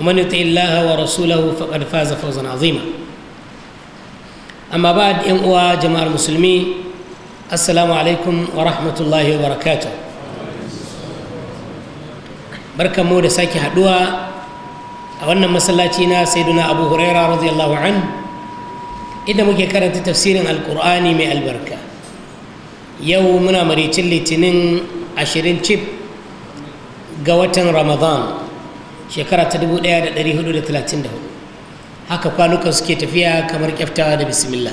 ومن يطع الله ورسوله فقد فاز فوزا عظيما اما بعد ام اوا جماعه المسلمين السلام عليكم ورحمه الله وبركاته بركه مو da saki haduwa a wannan masallaci na duna abu huraira radiyallahu an idan muke karanta tafsirin alqur'ani mai albarka yau muna maricin litinin ashirin chip ga watan ramadan shekara ta da 1434 haka kwanuka suke tafiya kamar kyaftawa da bismillah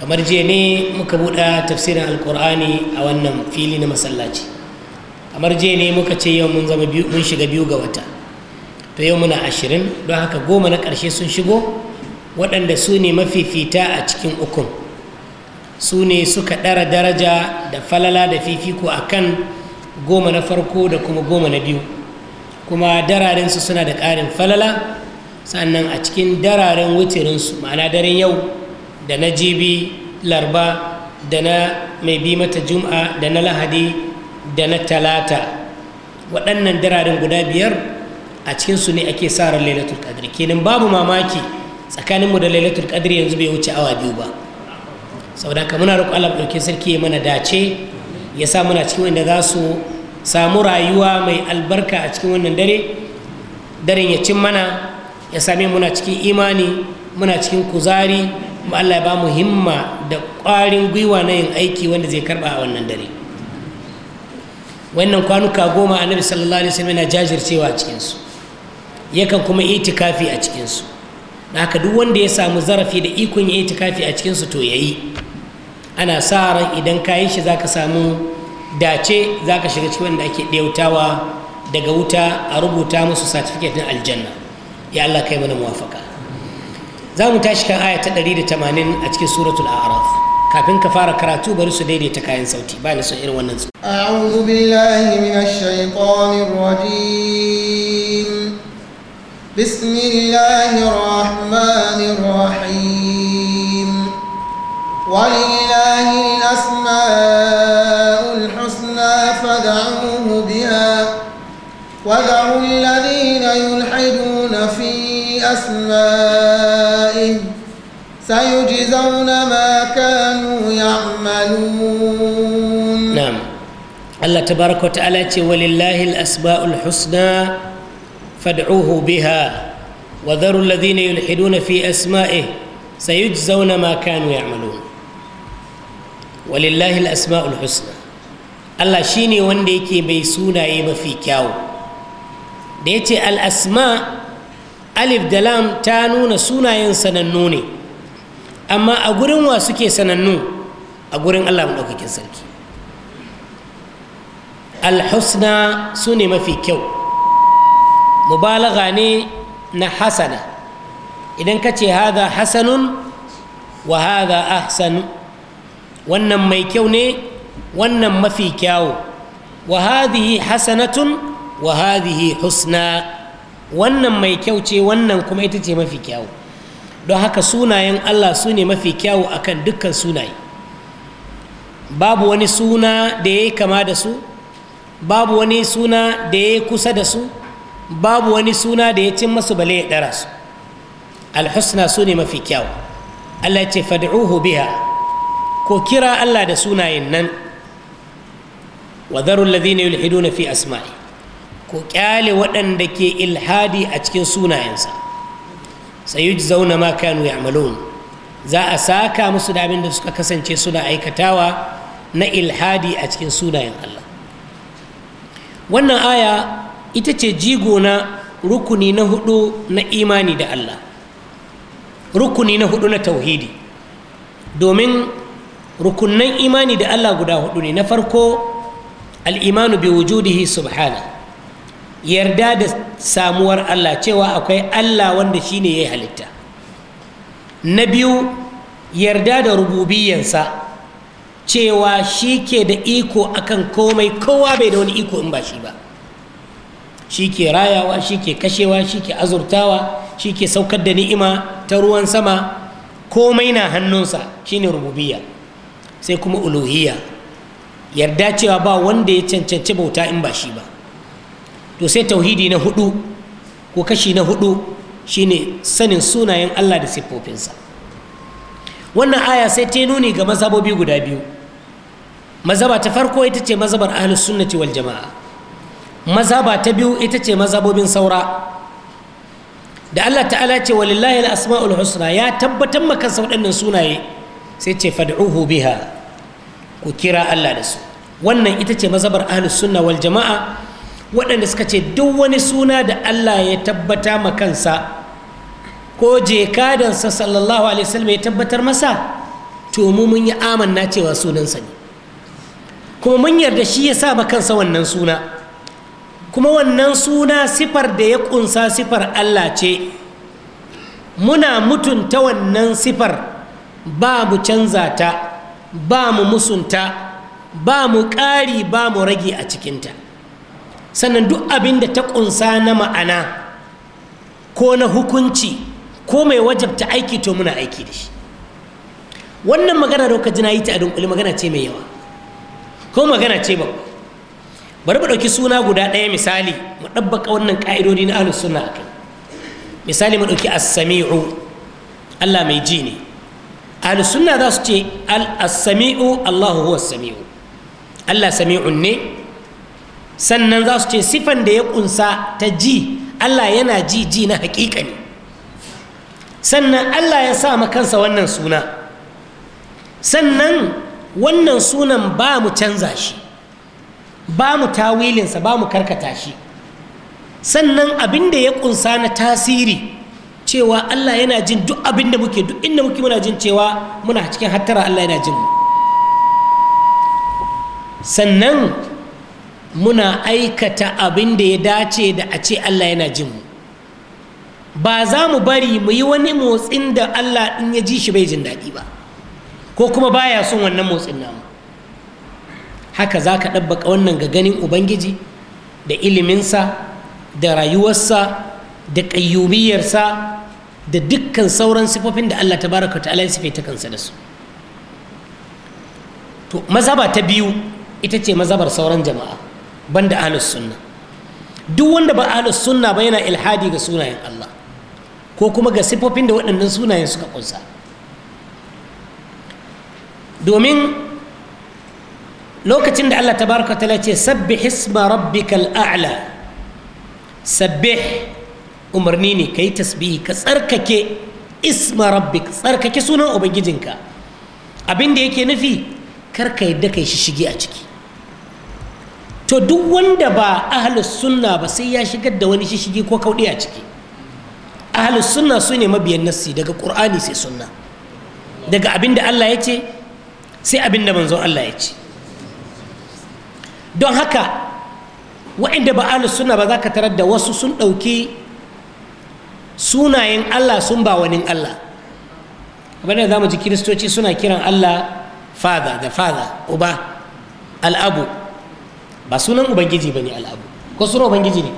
kamar jiya ne muka buɗa tafsirin alkur'ani a wannan fili na masallaci kamar jiya ne muka ce yau mun zama mun shiga biyu ga wata to yau muna ashirin don haka goma na ƙarshe sun shigo waɗanda su ne mafifita a cikin ukun su ne suka ɗara daraja da falala da fifiko a kan goma na farko da kuma goma na biyu kuma dararensu suna da ƙarin falala sannan a cikin dararen wucirinsu ma'ana daren yau da na jibi larba da na mai bi mata juma'a da na lahadi da na talata waɗannan dararen guda biyar a cikinsu ne ake sa ran lailatul qadri kenan babu mamaki tsakaninmu da lailatul qadri yanzu bai wuce awa biyu ba saboda ka muna roƙo Allah ɗauke sarki ya mana dace ya sa muna cikin wanda za su samu rayuwa mai albarka a cikin wannan dare daren ya cin mana ya sami muna cikin imani muna cikin kuzari ma Allah ya ba mu himma da ƙwarin gwiwa na yin aiki wanda zai karba a wannan dare wannan kwanuka goma annabi sallallahu alaihi wasallam yana jajircewa a cikinsu yakan kuma itikafi a cikinsu da haka duk wanda ya samu zarafi da ikon ya itikafi a cikinsu to yayi ana sa ran idan ka yi shi zaka samu dace za ka shiga cikin wanda ake ɗautawa daga wuta a rubuta musu satifiket na aljanna ya Allah kai mana muwafaka za mu tashi kan aya ta 180 a cikin suratul a'raf kafin ka fara karatu bari su daidaita kayan sauti ba ni son irin wannan su a'udhu billahi minash shaitanir rajim bismillahir rahmanir rahim walillahi ودعوه بها وذروا الذين يلحدون في أسمائه سيجزون ما كانوا يعملون نعم الله تبارك وتعالى ولله الأسماء الحسنى فادعوه بها وذروا الذين يلحدون في أسمائه سيجزون ما كانوا يعملون ولله الأسماء الحسنى Allah shi ne wanda yake mai sunaye mafi kyawu da ya ce al'asma alif da lam ta nuna sunayen sanannu ne amma a gurin wa suke sanannu a gurin Allah maɗaukakin sarki Al-Husna su ne mafi kyau mubalaga ne na hasana idan ka ce haza hasanun wa haza ahsanu wannan mai kyau ne wannan mafi kyawu wa hadhihi hasanatun wa hadhihi husna wannan mai kyau ce wannan kuma ita ce mafi kyawu don haka sunayen Allah su ne mafi kyawu akan dukkan sunaye babu wani suna da ya kama da su babu wani suna da ya kusa da su babu wani suna da ya cin masu bale ya ɗara su alhusna su ne mafi kyawu Allah ce fad'uhu biha ko kira Allah da sunayen nan wa dharu alladhina yulhiduna fi asma'i ku kyale waɗanda ke ilhadi a cikin sunayensa zauna ma kanu ya'malun za a saka musu da abin da suka kasance suna aikatawa na ilhadi a cikin sunayen Allah wannan aya ita ce jigo na rukuni na hudu na imani da Allah rukuni na hudu na tauhidi domin rukunan imani da Allah guda hudu ne na farko al'imanu bi wujudihi subhana yarda da samuwar Allah cewa akwai Allah wanda shi ne ya halitta na biyu yarda da rububiyansa cewa shi ke da iko akan komai kowa bai da wani iko in ba shi ba shi ke rayawa shi ke kashewa shi ke azurtawa shi ke saukar da ni'ima ta ruwan sama komai na hannunsa shi ne rububiyya sai kuma uluhiyya yarda cewa ba wanda ya cancanci bauta in ba shi ba to sai tauhidi na hudu ko kashi na hudu shine sanin sunayen Allah da siffofinsa wannan aya sai ta nuni ga mazhabobi guda biyu mazhaba ta farko ita ce mazhabar ahlus sunnati wal jama'a mazhaba ta biyu ita ce mazhabobin saura da Allah ta'ala ce walillahi al-asma'ul husna ya tabbatar maka waɗannan sunaye sai ce fad'uhu biha ku kira Allah da su wannan ita ce mazabar ahlus sunna wal jama'a waɗanda suka ce duk wani suna da Allah ya tabbata ma kansa ko je kadansa sallallahu alaihi wasallam ya tabbatar masa to mu mun yi amanna cewa sunansa ne kuma mun yarda shi ya sa ma kansa wannan suna kuma wannan suna sifar da ya kunsa sifar Allah ce muna mutunta wannan sifar ba canza ta ba mu musunta ba mu ƙari ba mu rage a cikinta sannan duk abin da ta ƙunsa na ma'ana ko na hukunci ko mai wajabta aiki to muna aiki da shi wannan magana da kuka ji na yi ta a dunkule magana ce mai yawa ko magana ce ba bari mu ɗauki suna guda ɗaya misali mu ɗabbaka wannan ƙa'idodi na ahlus sunna akai misali mu ɗauki as-sami'u Allah mai ji ne Ali sunna za su ce al sami'u allahu huwa sami'u allah sami'un ne sannan za su ce sifan da ya kunsa ta ji allah yana ji ji na hakika ne sannan allah ya sa kansa wannan suna sannan wannan sunan ba mu canza shi ba mu tawilinsa ba mu karkata shi sannan abin da ya kunsa na tasiri cewa Allah yana jin duk abin da muke duk inda muke muna jin cewa muna cikin hattara Allah yana jin sannan muna aikata abin da ya dace da a ce Allah yana jin mu ba za mu bari mu yi wani motsin da Allah in ya ji shi bai jin daɗi ba ko kuma baya son wannan motsin namu haka za ka ɗabbaka wannan ga ganin ubangiji da iliminsa da rayuwarsa da ƙayyubiyarsa da dukkan sauran sifofin da Allah ta ta'ala ya sifaita kansa da su to ta biyu ita ce mazabar sauran jama'a banda ahlus sunna duk wanda ba ahlus sunna ba yana ilhadi ga sunayen Allah ko kuma ga sifofin da waɗannan sunayen suka kunsa domin lokacin da Allah tabaraka ta'ala ce sabbih isma rabbikal a'la sabbih umarni ne ka yi tasbihi ka tsarkake isma ka tsarkake sunan ubangijinka abin da yake nufi kar ka yadda kai a ciki to duk wanda ba ahalus sunna ba sai ya shigar da wani shishigi ko kaudi a ciki ahalus sunna su ne mabiyan nassi daga qur'ani sai sunna daga abin da Allah ya ce sai abin da manzon Allah ya ce don haka wa'inda ba ahalus sunna ba za ka tarar da wasu sun ɗauki sunayen Allah sun ba wani Allah abinda za mu ji kiristoci suna kiran Allah father da father uba al'abu ba sunan ubangiji ba ne al'abu ko sunan ubangiji ne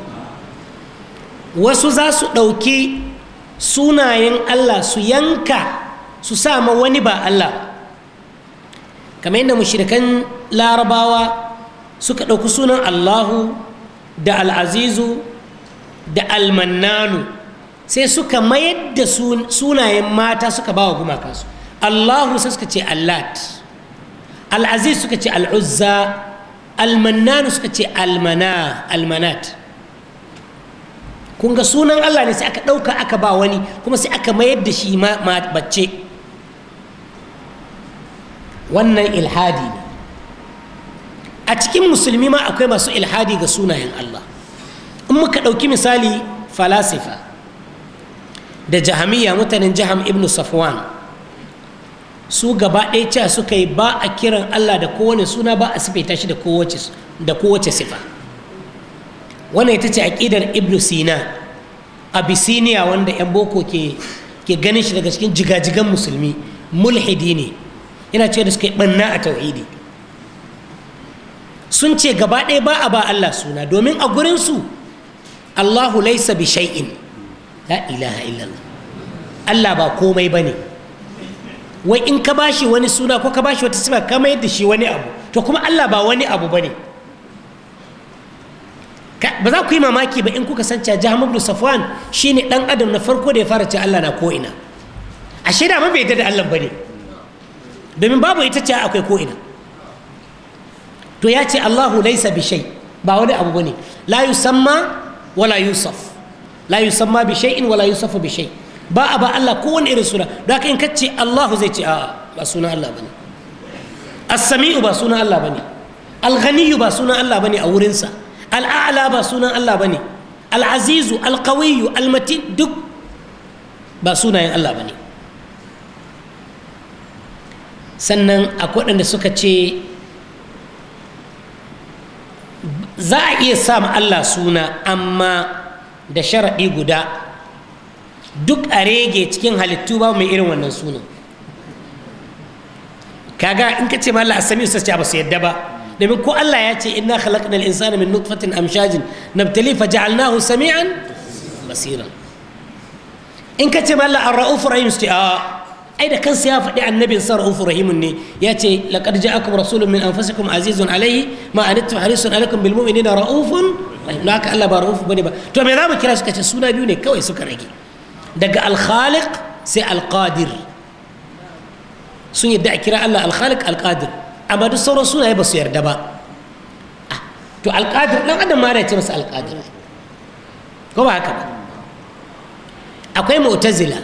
wasu za su ɗauki sunayen Allah su yanka su sama wani ba Allah kamar yadda mushrikan larabawa suka ɗauki sunan Allahu da al'azizu da almannanu sai suka mayar da sunayen mata suka ba wa gumakansu allahu sai suka ce allat al'aziz suka ce al'uzza almannanu suka ce almana almanat kun ga sunan allah ne sai aka ɗauka aka ba wani kuma sai aka mayar da shi mabace. wannan ilhadi ne a cikin musulmi ma akwai masu ilhadi ga sunayen allah in muka ɗauki misali falasifa da jahamiya mutanen jaham Ibn safwan su gaba ɗaya cewa suka yi ba a kiran allah da kowane suna ba a sifaita shi da kowace sifa wannan ita ce aƙidar Ibn sina abisiniya wanda 'yan boko ke ganin shi daga cikin jigajigan musulmi mulhidi ne yana cewa da suka yi ɓanna a tauhidi sun ce gaba ɗaya ba a ba allah suna domin a gurinsu allahu laisa bi shay'in la ilaha illallah Allah ba komai ba ne wai in ka bashi wani suna ko ka bashi wata sifa ka mayar da shi wani abu to kuma Allah ba wani abu ba ne ba za ku yi mamaki ba in kuka san cewa jaham ibn safwan shine dan adam na farko da ya fara cewa Allah na ko ina ashe da bai yarda da Allah bane domin babu ita cewa akwai ko ina to ya ce Allahu laysa bi shay ba wani abu bane la yusamma wala yusaf la yusamma bi shay'in wala la yusafu bi shay ba a ba Allah kowane irin suna don haka in ka ce Allahu zai ce a'a ba suna Allah bane as-sami'u ba suna Allah bane al-ghaniyyu ba suna Allah bane a wurinsa al-a'la ba suna Allah bane al-azizu al-qawiyyu al-matin duk ba sunayen Allah bane sannan akwai waɗanda suka ce za a iya sa Allah suna amma da sharaɗi guda duk a rege cikin halittu ba mai irin wannan suna kaga in ka ce ma Allah asami sai ba su yadda ba domin ko Allah ya ce inna khalaqna al-insana min nutfatin amshajin nabtali faja'alnahu sami'an basira in ka ce ma Allah ar-rauf rahim sai a ai da kansa ya faɗi annabin sa rauf rahim ne ya ce laqad ja'akum rasulun min anfusikum azizun alayhi ma anittum harisun alaikum bil mu'minina raufun don haka Allah ba rauf bane ba to me za mu kira su ce suna biyu ne kawai suka rage daga al-khaliq sai al alqadir sun yadda a kira Allah al-khaliq, al alqadir amma duk sauran sunaye ba su yarda ba ah, to alqadir dan adam ma ya ce masa al alqadir ko ba haka ba akwai mu'tazila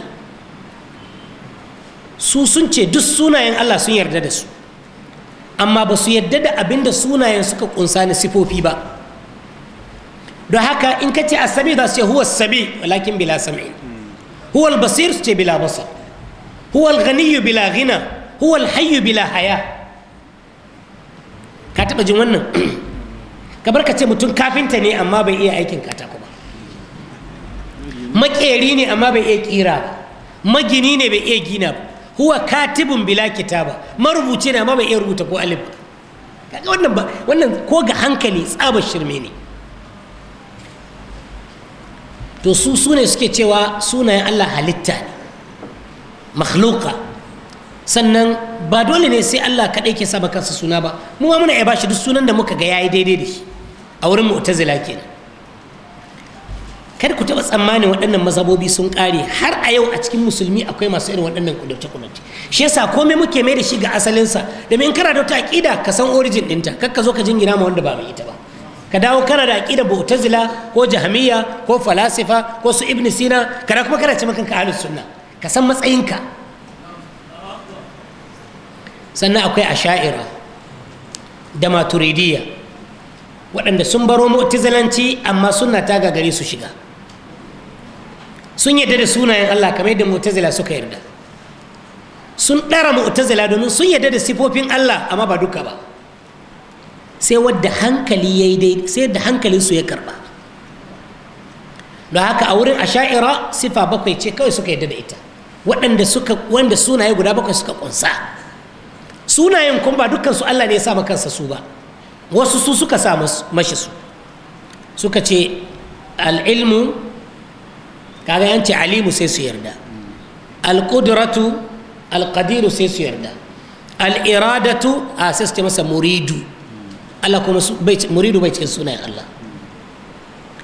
su sun ce duk sunayen Allah sun yarda da su amma ba su yarda da abinda sunayen suka kunsa na sifofi ba don haka in ka ce asami za su ce huwa sami walakin bila sami huwa basir su ce bila basa huwa ganiyu bila gina huwa hayyu bila haya ka taɓa jin wannan kamar ka ce mutum kafinta ne amma bai iya aikin katako ba makeri ne amma bai iya kira ba magini ne bai iya gina ba huwa katibun bila kitaba marubuci ne amma bai iya rubuta ko alif ba kaga wannan ba wannan ko ga hankali tsabar shirme ne to su su ne suke cewa sunayen Allah halitta ne makhluka sannan ba dole ne sai Allah kaɗai ke saba kansa suna ba mu ma muna iya bashi duk sunan da muka ga yayi daidai da shi a wurin mu'tazila kenan kada ku taɓa tsammanin waɗannan mazabobi sun ƙare har a yau a cikin musulmi akwai masu irin waɗannan kudurce kudurce shi yasa komai muke mai da shi ga asalinsa da in kana da wata aƙida ka san origin ɗinta kar ka zo ka jingina ma wanda ba mai ita ba ka dawo kana da aqida mu'tazila ko jahamiyya ko falasifa ko su ibn sina kana kuma kana ce maka ka ahlus sunna ka san matsayinka sannan akwai asha'ira da maturidiyya waɗanda sun baro mu'tazilanci amma sunna ta gagare su shiga sun yarda da sunayen Allah kamar yadda mu'tazila suka yarda sun ɗara mu'tazila domin sun yarda da sifofin Allah amma ba duka ba sai wadda hankali ya yi dai sai da hankalinsu ya karba da haka a wurin asha'ira sifa bakwai ce kawai suka yadda da ita waɗanda suka wanda sunaye guda bakwai suka ƙunsa sunayen kun ba dukkan su Allah ne ya sa kansa su ba wasu su suka sa mashi su suka ce al'ilmu kaga yan ce alimu sai su yarda alƙudratu alƙadiru sai su yarda al'iradatu a sai su masa muridu Allah kuma muridu bai cikin sunayen Allah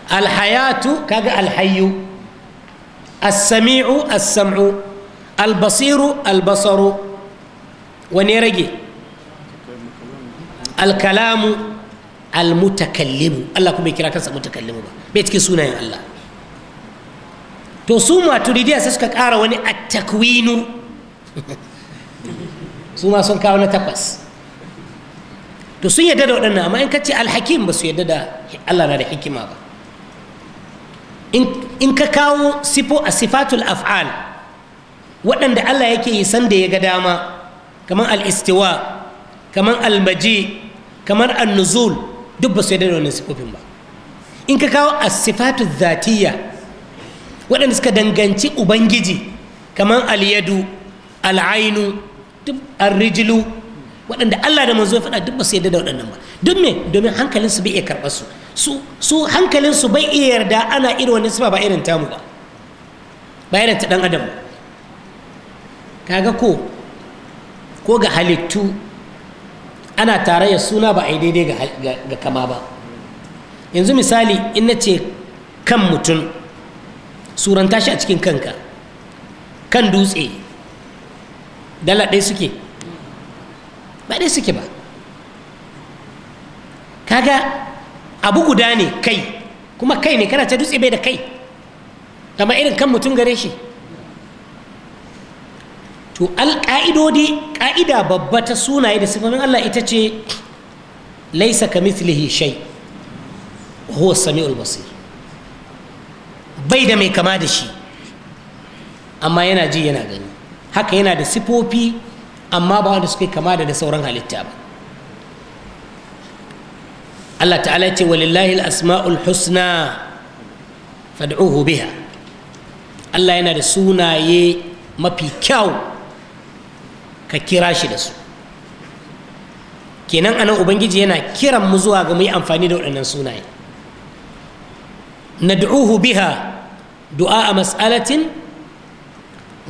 alhayatu kaga alhayu as-sami'u as-sam'u al-basiru al-basaru wani rage al-kalamu al-mutakallimu Allah kuma bai kira kansa mutakallimu ba bai cikin sunayen Allah to su maturidiya sai suka ƙara wani at-takwinu su ma sun kawo na takwas to sun yadda da waɗannan amma in ka ce alhakim ba su yadda da Allah na da hikima ba in ka kawo sifo a sifatul af'al waɗanda Allah yake yi sanda ya ga dama kamar al-istiwa kamar al-maji kamar al-nuzul duk ba su yadda da wannan sifofin ba in ka kawo a sifatu zatiyya waɗanda suka danganci ubangiji kamar alyadu al'ainu al arrijilu waɗanda Allah da manzo ya faɗa duk ba su yarda da waɗannan ba duk me domin hankalin su bai iya karɓar su su su hankalin su bai iya yarda ana irin wannan sifa ba irin tamu ba ba irin ta dan adam kaga ko ko ga halittu ana tarayya suna ba a yi daidai ga kama ba yanzu misali in na ce kan mutum suranta shi a cikin kanka kan dutse dala ɗaya suke ba dai suke ba kaga abu guda ne kai kuma kai ne kana ta dutse bai da kai amma irin kan mutum gare shi to alƙa'idodi ƙa'ida babba ta sunaye da sifofin Allah ita ce laisa ka mithlihi shay huwa sami'ul basir bai da mai kama da shi amma yana ji yana gani haka yana da sifofi amma ba wanda suke kama da sauran halitta ba Allah ta'ala ce walillahi asmaul husna fad'uhu biha Allah yana da sunaye mafi kyau ka kira shi da su kenan anan ubangiji yana kiran mu zuwa ga mu yi amfani da waɗannan sunaye nad'uhu biha du'a a mas'alatin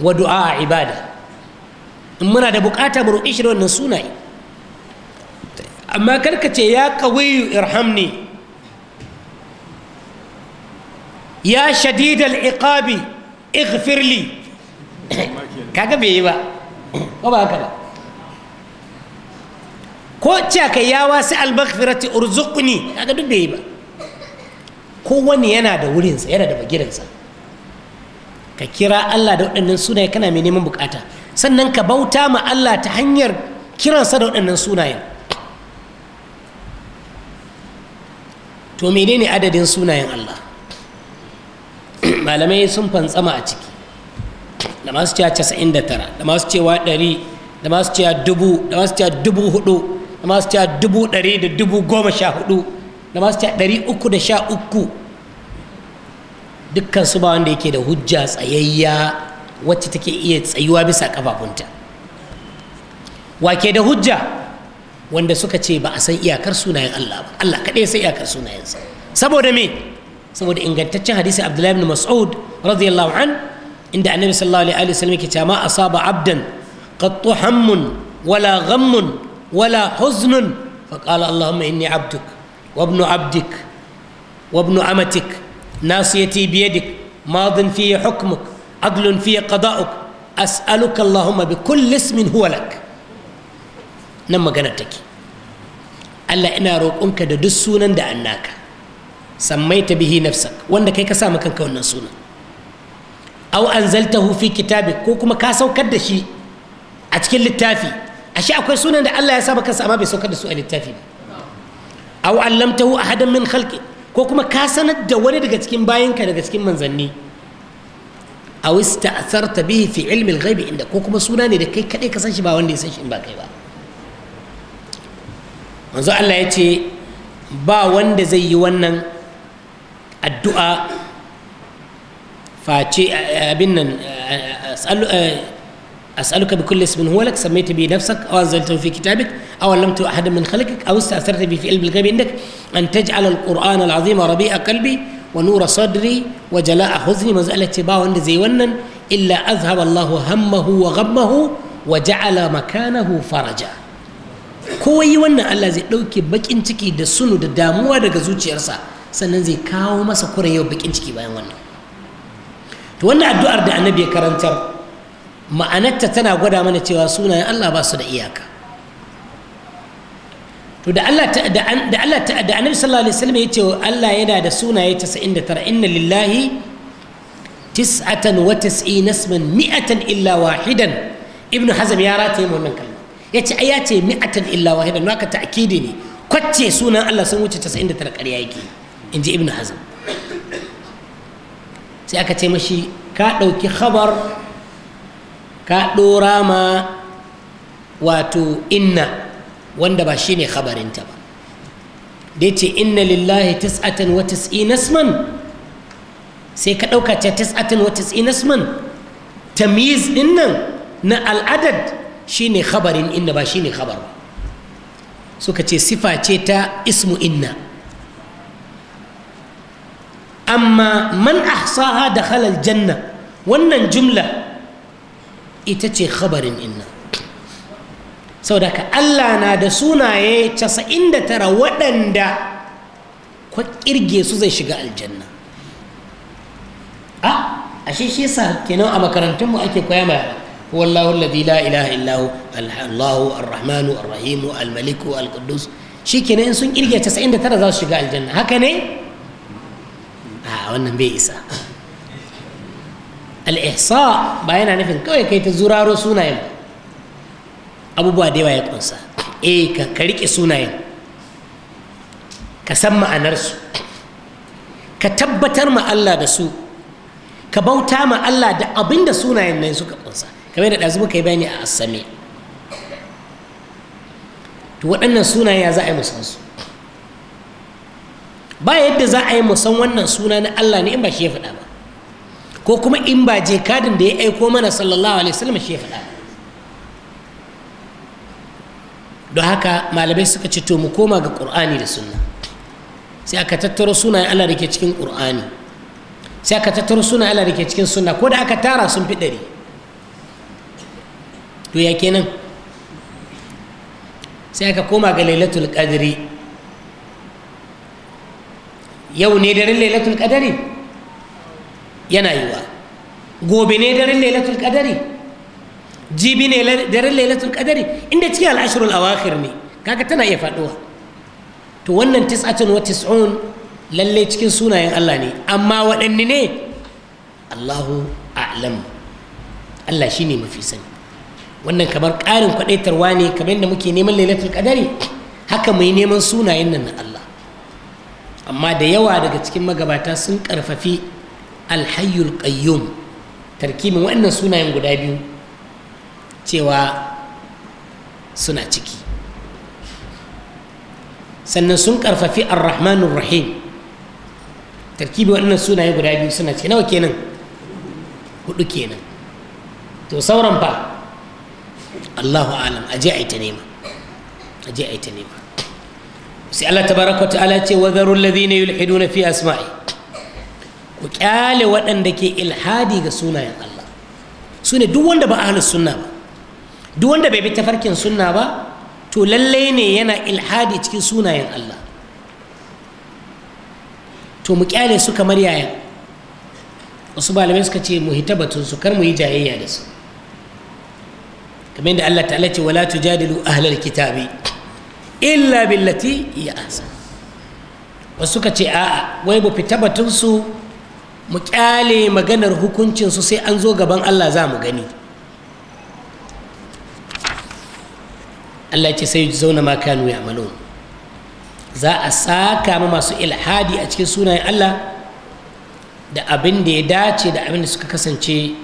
wa du'a a ibada muna da bukata mu roƙe shi da wannan sunaye amma karka ce ya kawiyu irhamni ya shadidal iqabi ighfirli kaga bai yi ba ko ba haka ba ko cewa kai ya wasi albaghfirati urzuqni kaga duk bai yi ba kowane yana da wurinsa yana da bagirinsa ka kira Allah da waɗannan sunaye kana mai neman bukata sannan ka bauta ma Allah ta hanyar kiransa da waɗannan sunayen to menene adadin sunayen Allah malamai sun fantsama a ciki da masu cewa casa'in da tara da masu cewa ɗari da masu cewa dubu da masu cewa dubu hudu da masu cewa dubu ɗari da dubu goma sha hudu da masu cewa ɗari uku da sha uku dukkan su ba wanda yake da hujja tsayayya wacce take iya tsayuwa bisa ƙafafunta wake da hujja wanda suka ce ba a san iyakar sunayen Allah ba Allah kaɗai sai iyakar sunayensa saboda me saboda ingantaccen hadisi Abdullahi ibn Mas'ud radiyallahu an inda annabi sallallahu alaihi wasallam ke cewa ma asaba abdan qattu hammun wala ghammun wala huznun faqala allahumma inni abduk wa ibnu abdik وابن أمتك ناصيتي بيدك ماض في حكمك عدل في قضاؤك أسألك اللهم بكل اسم هو لك نما جنتك ألا إنا روكونك دسونا دا أناك سميت به نفسك وانا كيك سامك انك وانا سونا أو أنزلته في كتابك كوكما كاسو كدشي أتكل للتافي أشياء أكوي سونا دا ألا يسامك سأما بيسو كدسو للتافي أو علمته أحدا من خلقك ko kuma ka sanar da wani daga cikin bayanka daga cikin manzanni أو استأثرت به في علم الغيب عندك وكما سوناني لكي كده كسانش با واني سانش با كيبا منذ ألا يتي با واند زي وانن الدعاء فاتي أبنن أسأل أسألك بكل اسم هو لك سميت به نفسك أو أنزلته في كتابك أو علمت أحدا من خلقك أو استأثرت به في علم الغيب عندك أن تجعل القرآن العظيم ربيع قلبي wa nura sadri wa jala'a huzni manzo Allah ce ba wanda zai wannan illa azhaba Allahu hammahu wa ghammahu wa ja'ala makanahu faraja kowa wannan Allah zai dauke baƙin ciki da sunu da damuwa daga zuciyarsa sannan zai kawo masa kurayewar bakin ciki bayan wannan to wannan addu'ar da annabi ya karantar ma'anarta tana gwada mana cewa sunayen Allah ba su da iyaka to da Allah da Allah da Annabi sallallahu alaihi wasallam yace Allah yana da sunaye 99 inna lillahi tis'atan wa tis'ina isman mi'atan illa wahidan ibnu hazm ya rataye mu wannan kalma yace ai yace mi'atan illa wahidan haka ta'kidi ne kwacce sunan Allah sun wuce 99 ƙarya yake inji ibnu hazm sai aka ce mashi ka ɗauki khabar ka ɗora ma wato inna wanda ba shi shine khabarinta ba da ce inna lillahi tis'atan wa tis'ina isman sai ka ɗauka ta tis'atan wa tis'ina isman tamyiz din nan na al'adad ne khabarin inna ba shine khabar ba suka ce sifa ce ta ismu inna amma man ahsaha da halal janna wannan jumla ita ce khabarin inna saboda ka Allah na da sunaye 99 waɗanda kwa kirge su zai shiga aljanna a ashe shi yasa kenan a makarantunmu ake koya ma yara wallahu alladhi la ilaha illa hu allahu arrahmanu arrahim almaliku alquddus shi kenan in sun kirge 99 za su shiga aljanna haka ne a wannan bai isa al-ihsa ba yana nufin kawai kai ta zuraro sunayen ba abubuwa da yawa ya kunsa e ka riƙe sunayen ka san ma'anarsu ka tabbatar ma Allah da su ka bauta ma Allah da abin da sunayen nan suka kunsa kamar da ɗazu muka yi bayani a asami to waɗannan sunayen ya za a yi musan su ba yadda za a yi musan wannan suna na Allah ne in ba shi ya faɗa ba ko kuma in ba je kadin da ya aiko mana sallallahu alaihi wasallam shi ya faɗa ba don haka malamai suka ce to mu koma ga ƙur'ani da sunna sai aka tattaro sunayen allah da ke cikin ƙur'ani sai aka tattaro sunayen allah da ke cikin sunna ko da aka tara sun fi ɗari to ya kenan sai aka koma ga lailatul qadri yau ne daren lailatul qadari yana yiwa gobe ne daren lailatul qadari jibi ne daren lailatul qadari inda cikin al'ashirul awakhir ne kaga tana iya faduwa to wannan tis'atun wa tis'un lalle cikin sunayen Allah ne amma waɗanne ne Allahu a'lam Allah shine mafi sani wannan kamar ƙarin kwadaitarwa ne kamar yadda muke neman lailatul qadari haka mai neman sunayen nan na Allah amma da yawa daga cikin magabata sun karfafi alhayyul qayyum tarkibin waɗannan sunayen guda biyu cewa suna ciki sannan sun karfafi ar rahim tarkibi waɗannan sunaye guda biyu suna ciki nawa kenan hudu kenan to sauran fa Allahu alam aje a yi ta nema aje a yi ta nema sai Allah ta ta ala ce na yi ladina yulhiduna fi asma'i ku kyale waɗanda ke ilhadi ga sunayen Allah su ne duk wanda ba ahlus sunna ba duk wanda bai bi tafarkin sunna ba to lalle ne yana ilhadi cikin sunayen Allah to mu kyale su kamar yaya wasu malamai suka ce mu hita su kar mu yi jayayya da su kamar da Allah ta'ala ce wala tujadilu ahlal kitabi illa billati ya ahsan wasu suka ce a'a wai mu fita su mu kyale maganar hukuncin su sai an zo gaban Allah za mu gani Allah ce sai zauna ma kanu ya malo za a saka ma masu ilhadi a cikin sunayen Allah da abin da ya dace da abin da suka kasance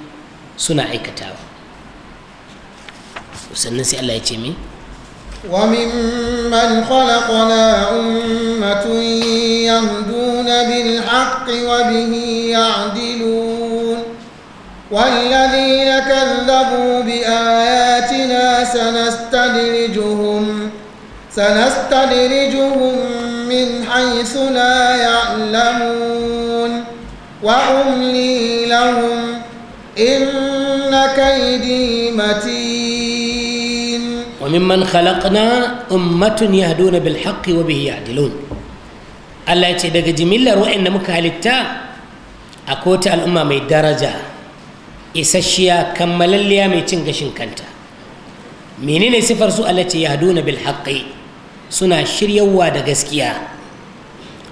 suna aikatawa sannan sai Allah ya ce mai وممن خلقنا أمة يهدون بالحق وبه يعدلون والذين كذبوا بآياتنا سنستدرجهم سنستدرجهم من حيث لا يعلمون وأملي لهم إن كيدي متين وممن خلقنا أمة يهدون بالحق وبه يعدلون الله يتدقى جميلة رؤية مكهلتا أكوت الأمة من درجة isasshiya kammalalliya mai cin gashin kanta menene sifar su ya yahduna bil haqqi suna shiryawa da gaskiya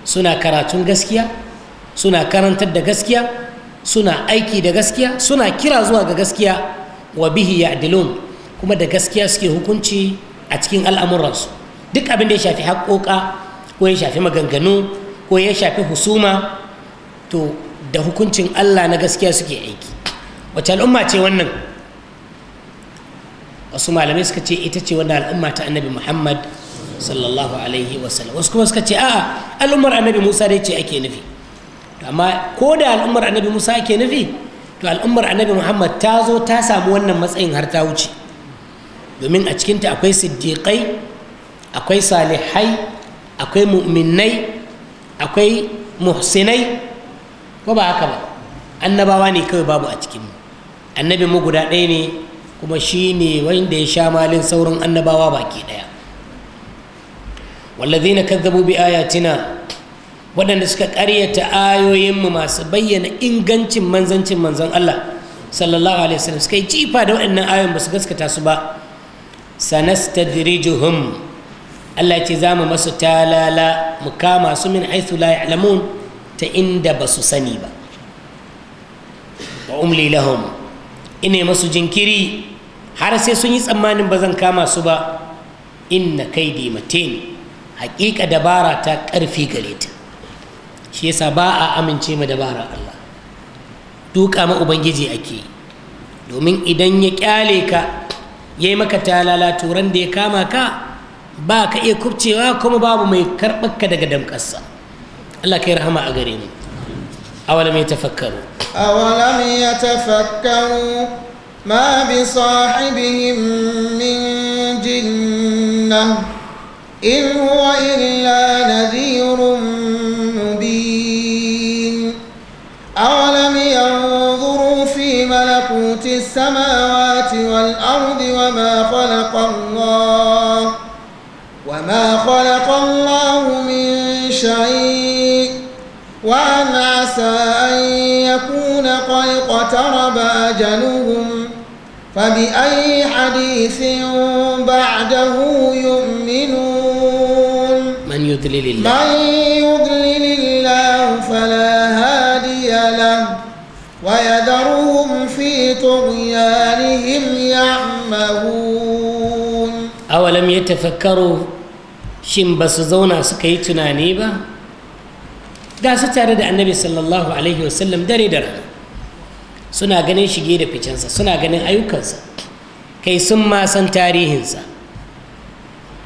suna karatun gaskiya suna karantar da gaskiya suna aiki da gaskiya suna kira zuwa ga gaskiya wa bihi ya'dilun kuma da gaskiya suke hukunci a cikin al'amuransu duk abin da ya shafi haƙoƙa ko ya shafi maganganu ko ya shafi husuma to da hukuncin allah na gaskiya suke aiki wace al'umma ce wannan wasu malamai suka ce ita ce wanda al'umma ta annabi muhammad sallallahu alaihi wasallam wasu kuma suka ce a'a al'ummar annabi musa dai ce ake nufi amma ko da al'ummar annabi musa ake nufi to al'ummar annabi muhammad ta zo ta samu wannan matsayin har ta wuce domin a cikinta akwai siddiƙai akwai salihai akwai mu'minnai akwai muhsinai ko ba haka ba annabawa ne kawai babu a cikinmu annabin mu guda ɗaya ne kuma shi ne wanda ya sha malin sauran annabawa baki ɗaya wallazina kazzabu bi ayatina waɗanda suka ƙaryata ayoyinmu masu bayyana ingancin manzancin manzon Allah sallallahu alaihi wasallam suka yi jifa da waɗannan ayoyin ba su gaskata su ba sanastadrijuhum Allah ce za mu masu talala mu kama su min aithu la ya'lamun ta inda ba su sani ba wa umli lahum ine masu jinkiri har sai sun yi tsammanin ba zan kama su ba inna kai daimate matin hakika dabara ta karfi gare ta shi yasa ba a amince ma dabara Allah duka ma ubangiji ake domin idan ya kyale ka yayi maka talala turan da ya kama ka ba ka iya kubcewa kuma babu mai karɓar ka daga damƙarsa Allah kai rahama a gare mu أولم يتفكروا أولم يتفكروا ما بصاحبهم من جنة إن هو إلا نذير مبين أولم ينظروا في ملكوت السماوات والأرض وما خلق الله وما خلق الله من شيء وما عسى أن يكون قد اقترب أجلهم فبأي حديث بعده يؤمنون من يضلل الله من يضلل الله فلا هادي له ويذرهم في طغيانهم يعمهون أولم يتفكروا shin ba su zauna suka yi tunani ba da su tare da annabi sallallahu alaihi wasallam dare da rana suna ganin shige da ficensa suna ganin ayyukansa kai sun ma san tarihinsa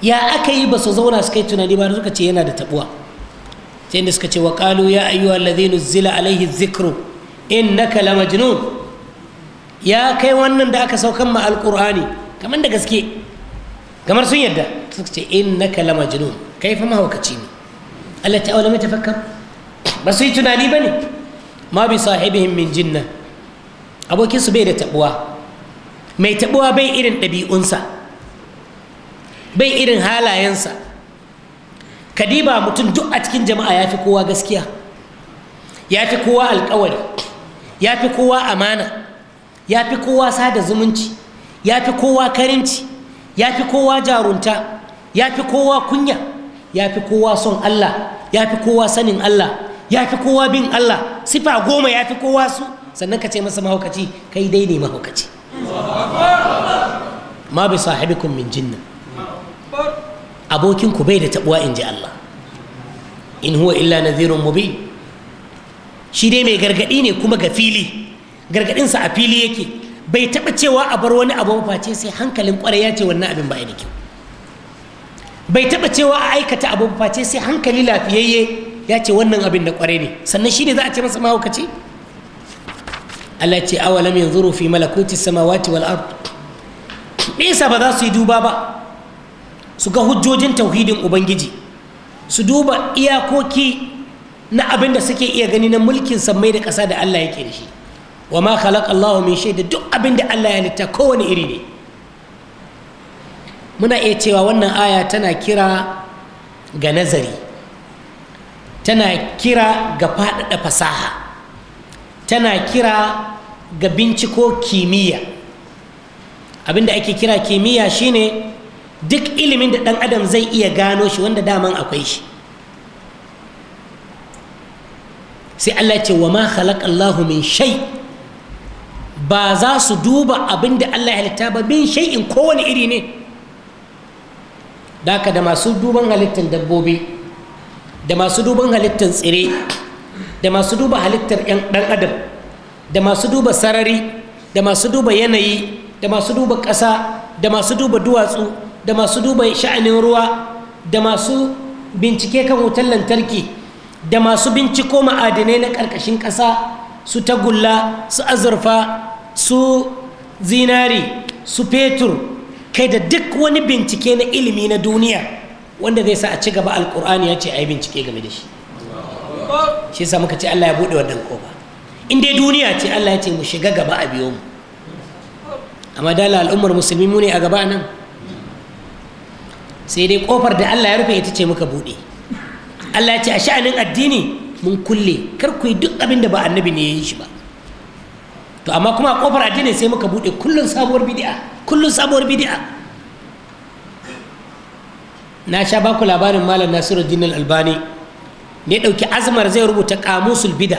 ya aka yi ba su zauna suka yi tunani ba suka ce yana da tabuwa ta yadda suka ce wa ƙalu ya ayyuwa lazinu zila alaihi zikru innaka la majnun ya kai wannan da aka saukan ma alqur'ani kamar da gaske kamar sun yadda suka ce innaka la majnun kai fa mahaukaci ne Allah ta'ala mai tafakkar ba su yi tunani ba ne ma bi sahibihin min jinna abokinsu bai da tabuwa mai tabuwa bai irin ɗabi'unsa bai irin halayensa kadiba mutum duk a cikin jama'a ya fi kowa gaskiya ya fi kowa alkawari ya fi kowa amana ya fi kowa sada zumunci ya fi kowa karinci ya fi kowa jarunta ya fi kowa kunya ya fi kowa son allah ya fi kowa sanin allah ya fi kowa bin Allah sifa goma ya fi kowa su sannan ka ce masa mahaukaci kai dai ne mahaukaci ma bi sahibikum min jinna abokin ku bai da tabuwa in ji Allah in huwa illa nadhirun mubin shi dai mai gargadi ne kuma ga fili gargadinsa a fili yake bai taba cewa a bar wani abu face sai hankalin kwarai ya ce wannan abin ba da kyau bai taba cewa a aikata abu face sai hankali lafiyayye ya ce wannan abin da kwarai ne sannan shi ne za a ce masa mahaukaci Allah ce awalam yanzuru fi malakuti samawati wal ard me ba za su yi duba ba su ga hujjojin tauhidin ubangiji su duba iyakoki na abin da suke iya gani na mulkin sammai da ƙasa da Allah yake da shi wa ma khalaq Allahu min shay da duk abin da Allah ya lita kowane iri ne muna iya cewa wannan aya tana kira ga nazari tana kira ga faɗaɗa fasaha tana kira ga binciko kimiyya abinda ake kira kimiyya shine duk ilimin da ɗan adam zai iya gano shi wanda daman akwai shi sai Allah ce wa ma Allahu min shai ba za su duba abin da Allah ya halitta ba min shay'in kowane iri ne da da masu duban halittar dabbobi da masu duban halittar tsire da masu duba halittar ɗan adam da masu duba sarari da masu duba yanayi da masu duba ƙasa da masu duba duwatsu da masu duba sha'anin ruwa da masu bincike kan wutar lantarki da masu binciko ma'adinai na ƙarƙashin ƙasa su tagulla su azurfa su zinari su fetur kai da duk wani bincike na ilimi na duniya wanda zai sa a ci gaba alkur'ani ya ce a yi bincike game da shi shi sa muka ce Allah ya buɗe wannan kofa in dai duniya ce Allah ya ce mu shiga gaba a biyo mu amma dala al'ummar musulmi mu ne a gaba nan sai dai kofar da Allah ya rufe ita ce muka buɗe Allah ya ce a sha'anin addini mun kulle kar ku yi duk abin da ba annabi ne ya yi shi ba to amma kuma a kofar addini sai muka buɗe kullun sabuwar bidi'a. kullun sabuwar bidi'a. na sha baku labarin malam nasiru dinar albani ne ɗauki azumar zai rubuta kamusul bida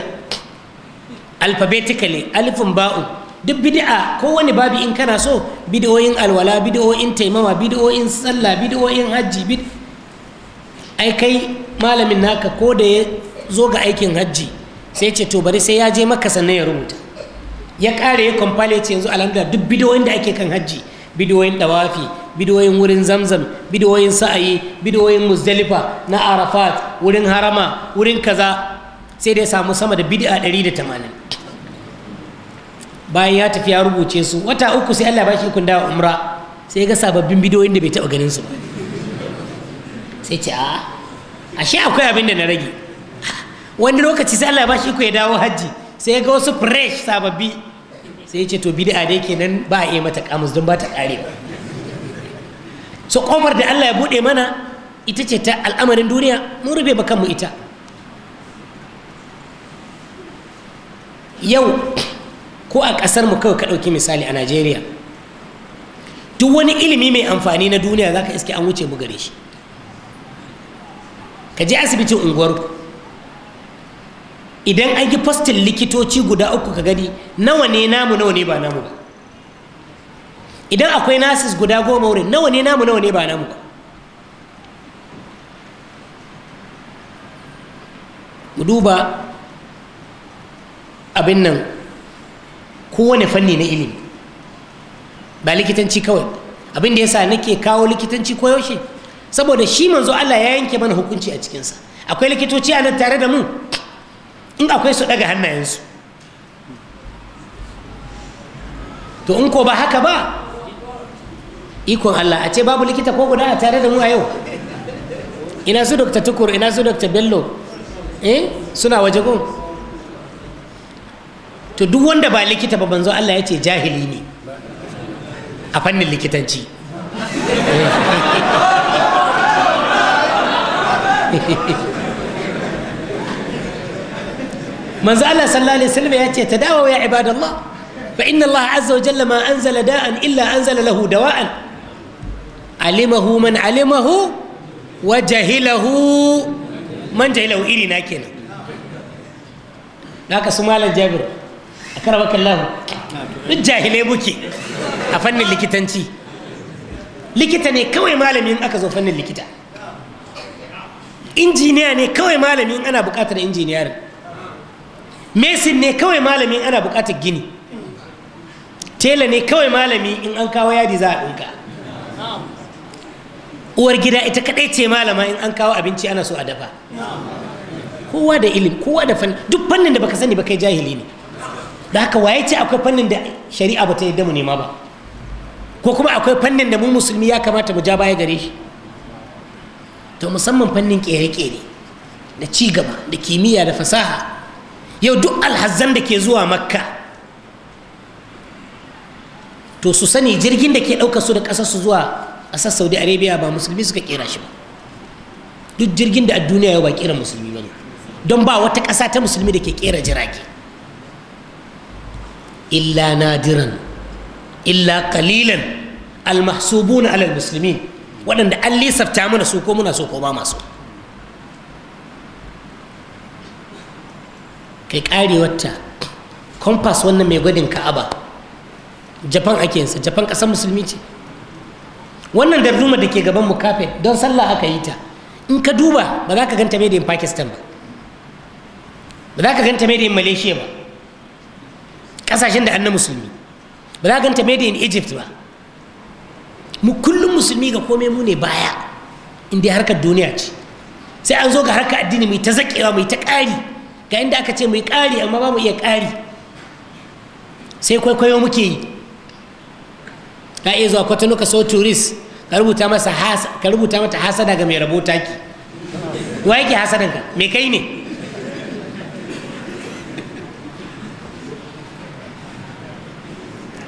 alphabetically alifin ba'u duk bid'a kowane babi in kana so bid'o'in alwala bid'o'in taimama bid'o'in sallah bid'o'in hajji bid ai kai malamin naka ko da ya zo ga aikin hajji sai ce to bari sai ya je maka sannan ya rubuta ya kare ya kwamfale ce yanzu alhamdulillah duk bid'o'in da ake kan hajji bidiyoyin dawafi bidiyoyin wurin zamzam bidiyoyin sa'ayi bidiyoyin muzdalifa na arafat wurin harama wurin kaza sai dai samu sama da bid'a 180 bayan ya tafi ya rubuce su wata uku sai Allah ba shi ikon dawo umra sai ga sababbin bidiyoyin da bai taɓa ganin su ba sai ce a ashe akwai abin da na rage wani lokaci sai Allah ba shi ya dawo hajji sai ga wasu fresh sababbi sai ya ce to bid'a dai kenan ba a iya mata kamus don ba ta ba. so kofar da Allah ya bude mana ita ce ta al'amarin duniya mun rube ba kanmu ita yau ko a kasar mu kawai ka dauki misali a Najeriya duk wani ilimi mai amfani na duniya zaka iske an wuce mu gare shi ka je asibitin unguwarku idan an yi fastin likitoci guda uku ka gani nawa ne namu nawa ne ba namu ba idan akwai nasis guda goma wurin nawa ne namu nawa ne ba namu ba mu duba abin nan kowane fanni na ilimi ba likitanci kawai abin da sa nake kawo likitanci ko yaushe saboda shi manzo Allah ya yanke mana hukunci a cikinsa akwai likitoci a nan tare da mu in akwai su daga hannayensu to in ko ba haka ba ikon Allah a ce babu likita ko guda a tare da mu a yau ina su Dokta tukur ina su Dokta bello eh suna waje gun to duk wanda ba likita ba banzo Allah ya ce jahili ne a fannin likitanci manzo Allah sallallahu ya ce ta dawo ya ibadallah fa inna Allah azza jalla ma anzala da'an illa anzala lahu dawa'an alimahu man alimahu wa man jahilahu iri na kenan naka su malam jabir akarabaka Allah duk jahilai muke a fannin likitanci likita ne kawai malamin aka zo fannin likita injiniya ne kawai malamin ana bukatar injiniyarin mesin ne kawai malami ana buƙatar gini tela ne kawai malami in an kawo yadi za a dinka uwar gida ita kadai ce malama in an kawo abinci ana so a dafa kowa da ilim kowa da fannin duk fannin da baka sani ba jahili ne da haka waye ce akwai fannin da shari'a ba ta yadda mu nema ba ko kuma akwai fannin da mu musulmi ya kamata mu ja baya gare shi to musamman fannin kere-kere da ci da kimiyya da fasaha yau duk alhazan da ke zuwa makka to su sani jirgin da ke ɗauka su da ƙasar su zuwa a saudi arabia ba musulmi suka kera shi ba duk jirgin da a duniya yau ba kera musulmi ba ne don ba wata ƙasa ta musulmi da ke kera jirage illa nadiran illa kalilan almahsubuna alal musulmi waɗanda an lisafta mana su ko muna so ko ba masu kai wata compass wannan mai gwadin ka'aba japan ake yinsa japan kasar musulmi ce wannan darduma da ke gaban mu kafe don sallah aka yi ta in ka duba ba za ka ganta mai da yin pakistan ba ba za ka ganta mai da yin malaysia ba kasashen da an na musulmi ba za ka ganta mai da yin egypt ba mu kullum musulmi ga komai mu ne baya inda harkar duniya ce sai an zo ga harkar addini mai ta zaƙewa mai ta ƙari ga inda aka ce mu yi ƙari amma ba mu iya ƙari sai kwaikwayo muke yi ta iya zuwa kwata ka so turist ka rubuta mata hasada ga mai rabota ki wa yake hasadan ka me kai ne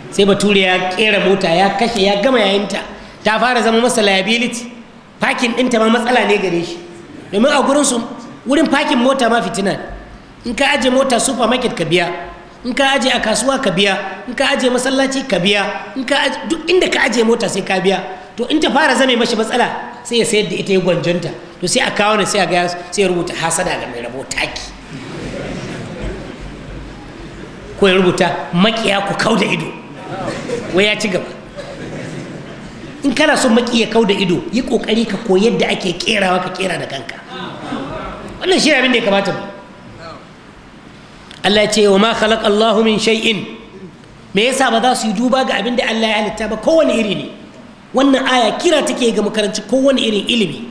sai bature ya kera mota ya kashe ya gama yayinta ta fara zama masa liability parking ɗinta ma matsala ne gare shi domin a gurinsu wurin parking mota ma fitina ne. in ka aje mota supermarket ka biya in ka aje a kasuwa ka biya in ka aje masallaci ka biya in ka aje duk inda ka aje mota sai ka biya to in ta fara zame mashi matsala sai ya sayar da ita ya gwanjonta to sai a kawo ne sai a ga sai ya rubuta hasada ga mai rabo taki ko ya rubuta makiya ku kau da ido wai ya ci gaba in kana son maki ya kau da ido yi kokari ka koyi yadda ake kerawa ka kera da kanka wannan shi abin da ya kamata mu Allah ya ce wa ma khalaqa Allahu min shay'in me yasa ba za su yi duba ga abin da Allah ya halitta ba kowane iri ne wannan aya kira take ga makaranci kowane irin ilimi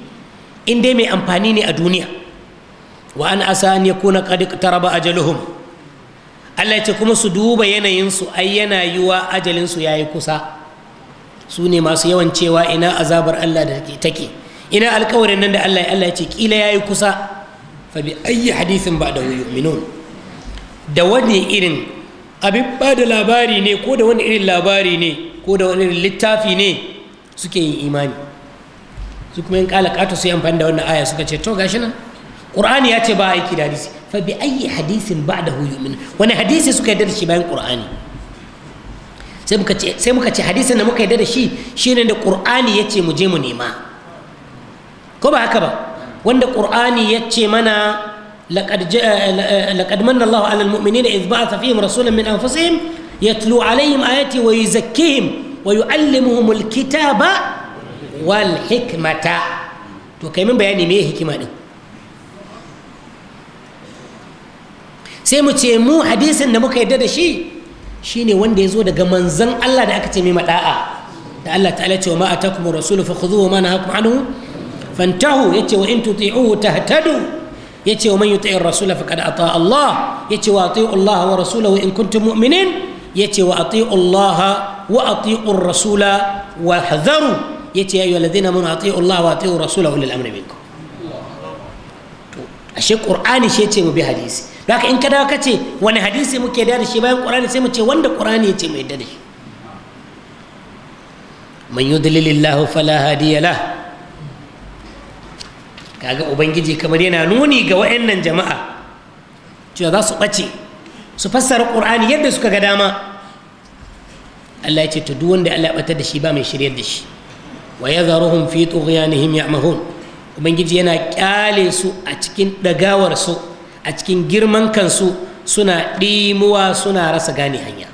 in dai mai amfani ne a duniya wa an asa an yakuna qad taraba ajaluhum Allah ya ce kuma su duba yanayin su ai yana yiwa ajalin su yayi kusa su ne masu yawan cewa ina azabar Allah da take ina alkawarin nan da Allah Allah ya ce kila yayi kusa fa bi ayyi hadithin da yu'minun da wani irin abin ba da labari ne ko da wani irin labari ne ko da wani irin littafi ne suke yin imani su kuma yin kala kato su yi da wannan aya suka ce to gashi nan qur'ani ya ce ba aiki da hadisi fa bi ayi hadisin ba da huyu yu'min wani hadisi suka yadda da shi bayan qur'ani sai muka ce ce hadisin da muka yadda da shi shi ne da qur'ani ya ce mu je mu nema ko ba haka ba wanda qur'ani ya ce mana لقد جاء لقد من الله على المؤمنين إذ بعث فيهم رسولا من أنفسهم يتلو عليهم آياتي ويزكيهم ويعلمهم الكتاب والحكمة to kai min bayani me hikima din sai mu ce mu hadisin da muka yadda da shi shine wanda ya zo daga manzan Allah da aka ce mai mada'a da Allah ta'ala ce wa ma atakum rasul fa khudhu wa ma nahakum anhu fantahu yace wa in tuti'uhu tahtadu yace wa man yuti'ir rasul faqad ata Allah yace wa ati'u Allah wa rasulahu in kuntum mu'minin yace wa ati'u Allah wa ati'u rasula wa hadharu yace ya ayyuhalladhina amanu ati'u Allah wa ati'u rasulahu lil amri minkum ashe qur'ani shi yace mu bi hadisi haka in ka dawo ce wani hadisi muke da shi bayan qur'ani sai mu ce wanda qur'ani yace mu yadda da shi man yudlilillahu fala hadiya lahu kaga ubangiji kamar yana nuni ga wa'annan jama'a cewa za su ɓace su fassara ƙur'ani yadda suka ga dama Allah ya ce ta wanda Allah ya ɓatar da shi ba mai shiryar da shi wa yadharuhum fi tughyanihim ya'mahun ubangiji yana ƙyale su a cikin ɗagawarsu a cikin girman kansu suna ɗimuwa suna rasa gane hanya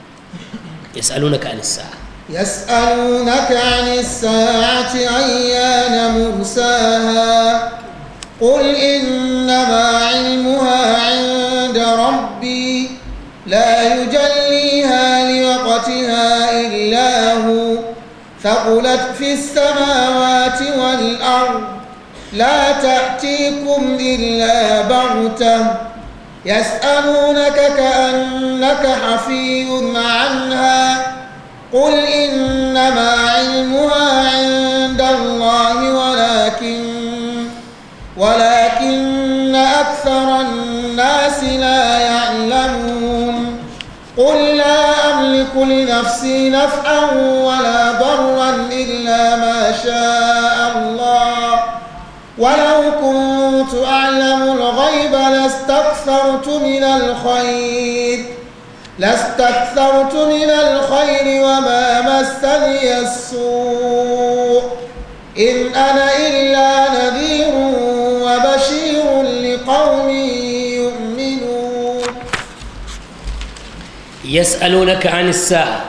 yas'alunaka anis sa'a yas'alunaka anis sa'ati na mursaha قل إنما علمها عند ربي لا يجليها لوقتها إلا هو ثقلت في السماوات والأرض لا تأتيكم إلا بغتة يسألونك كأنك حفي عنها قل إنما علمها عند الله ولكن ولكن أكثر الناس لا يعلمون قل لا أملك لنفسي نفعا ولا ضرا إلا ما شاء الله ولو كنت أعلم الغيب لاستكثرت من الخير لاستكثرت من الخير وما مسني السوء إن أنا إلا نذير وبشير لقوم يؤمنون يسألونك عن الساعة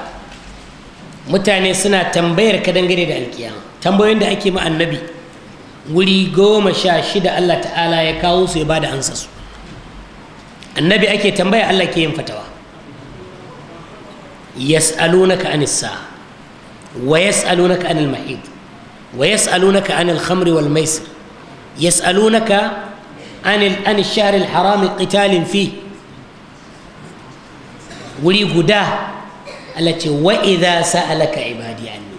mutane suna tambayar ka dangane da alkiyama tambayoyin da ake ma annabi wuri goma sha shida Allah ta'ala ya kawo su ya bada ansa su annabi ake tambaya Allah ke yin fatawa yas'alunaka anis sa'a wa yas'alunaka anil mahid wa yas'alunaka anil khamri wal maisir يسألونك عن عن الشهر الحرام قتال فيه ولي قدا التي وإذا سألك عبادي عني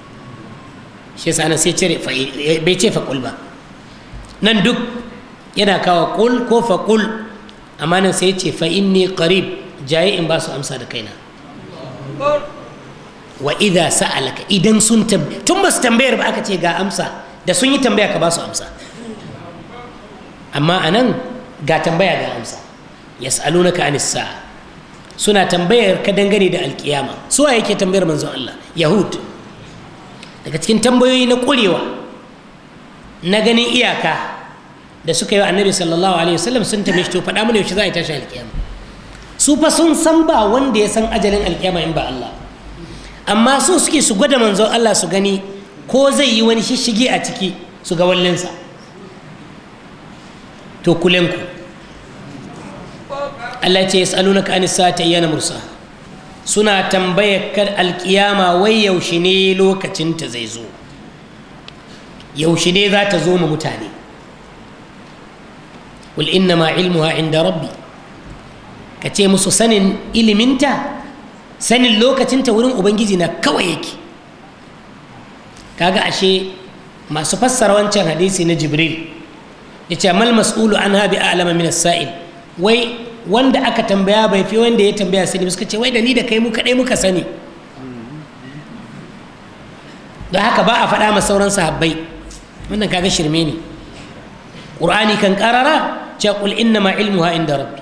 شيء أنا سيتري بيتي فقل با نندق ينا كوا قل كو فقل أما أنا سيتي فإني قريب جاي إن باسو أمسى دكينا wa idha sa'alaka idan sun tambaye tun ba su tambayar ba aka ce ga amsa da sun yi tambaya ka ba su amsa amma a nan ga tambaya ga amsa na ka anisa suna tambayar ka dangane da alkiyama suwa yake tambayar manzon Allah yahud daga cikin tambayoyi na ƙurewa na ganin iyaka da suka yi wa annabi sallallahu alaihi wasallam sun tambaye shi to faɗa mana yaushe za a yi tashi alkiyama su fa sun san ba wanda ya san ajalin alkiyama in ba Allah amma su suke su gwada manzon Allah su gani ko zai yi wani shishige a ciki su ga wallinsa to kulenku Allah ce yas'alunaka an sa'ati ayyana mursa suna tambayar kar alkiyama wai yaushe ne lokacin ta zai zo yaushe ne za ta zo ma mutane qul inna ma ilmuha inda rabbi ka ce musu sanin iliminta sanin lokacinta wurin ubangiji na kawai yake kaga ashe masu fassara wancan hadisi na jibril yace mal mas'ulu anha habi a'lama min sail wai wanda aka tambaya bai fi wanda ya tambaya ne suka ce wai da ni da kai muka dai muka sani don haka ba a faɗa ma sauran sahabbai wannan kaga shirme ne qur'ani kan karara ce qul inna ma ilmuha inda rabbi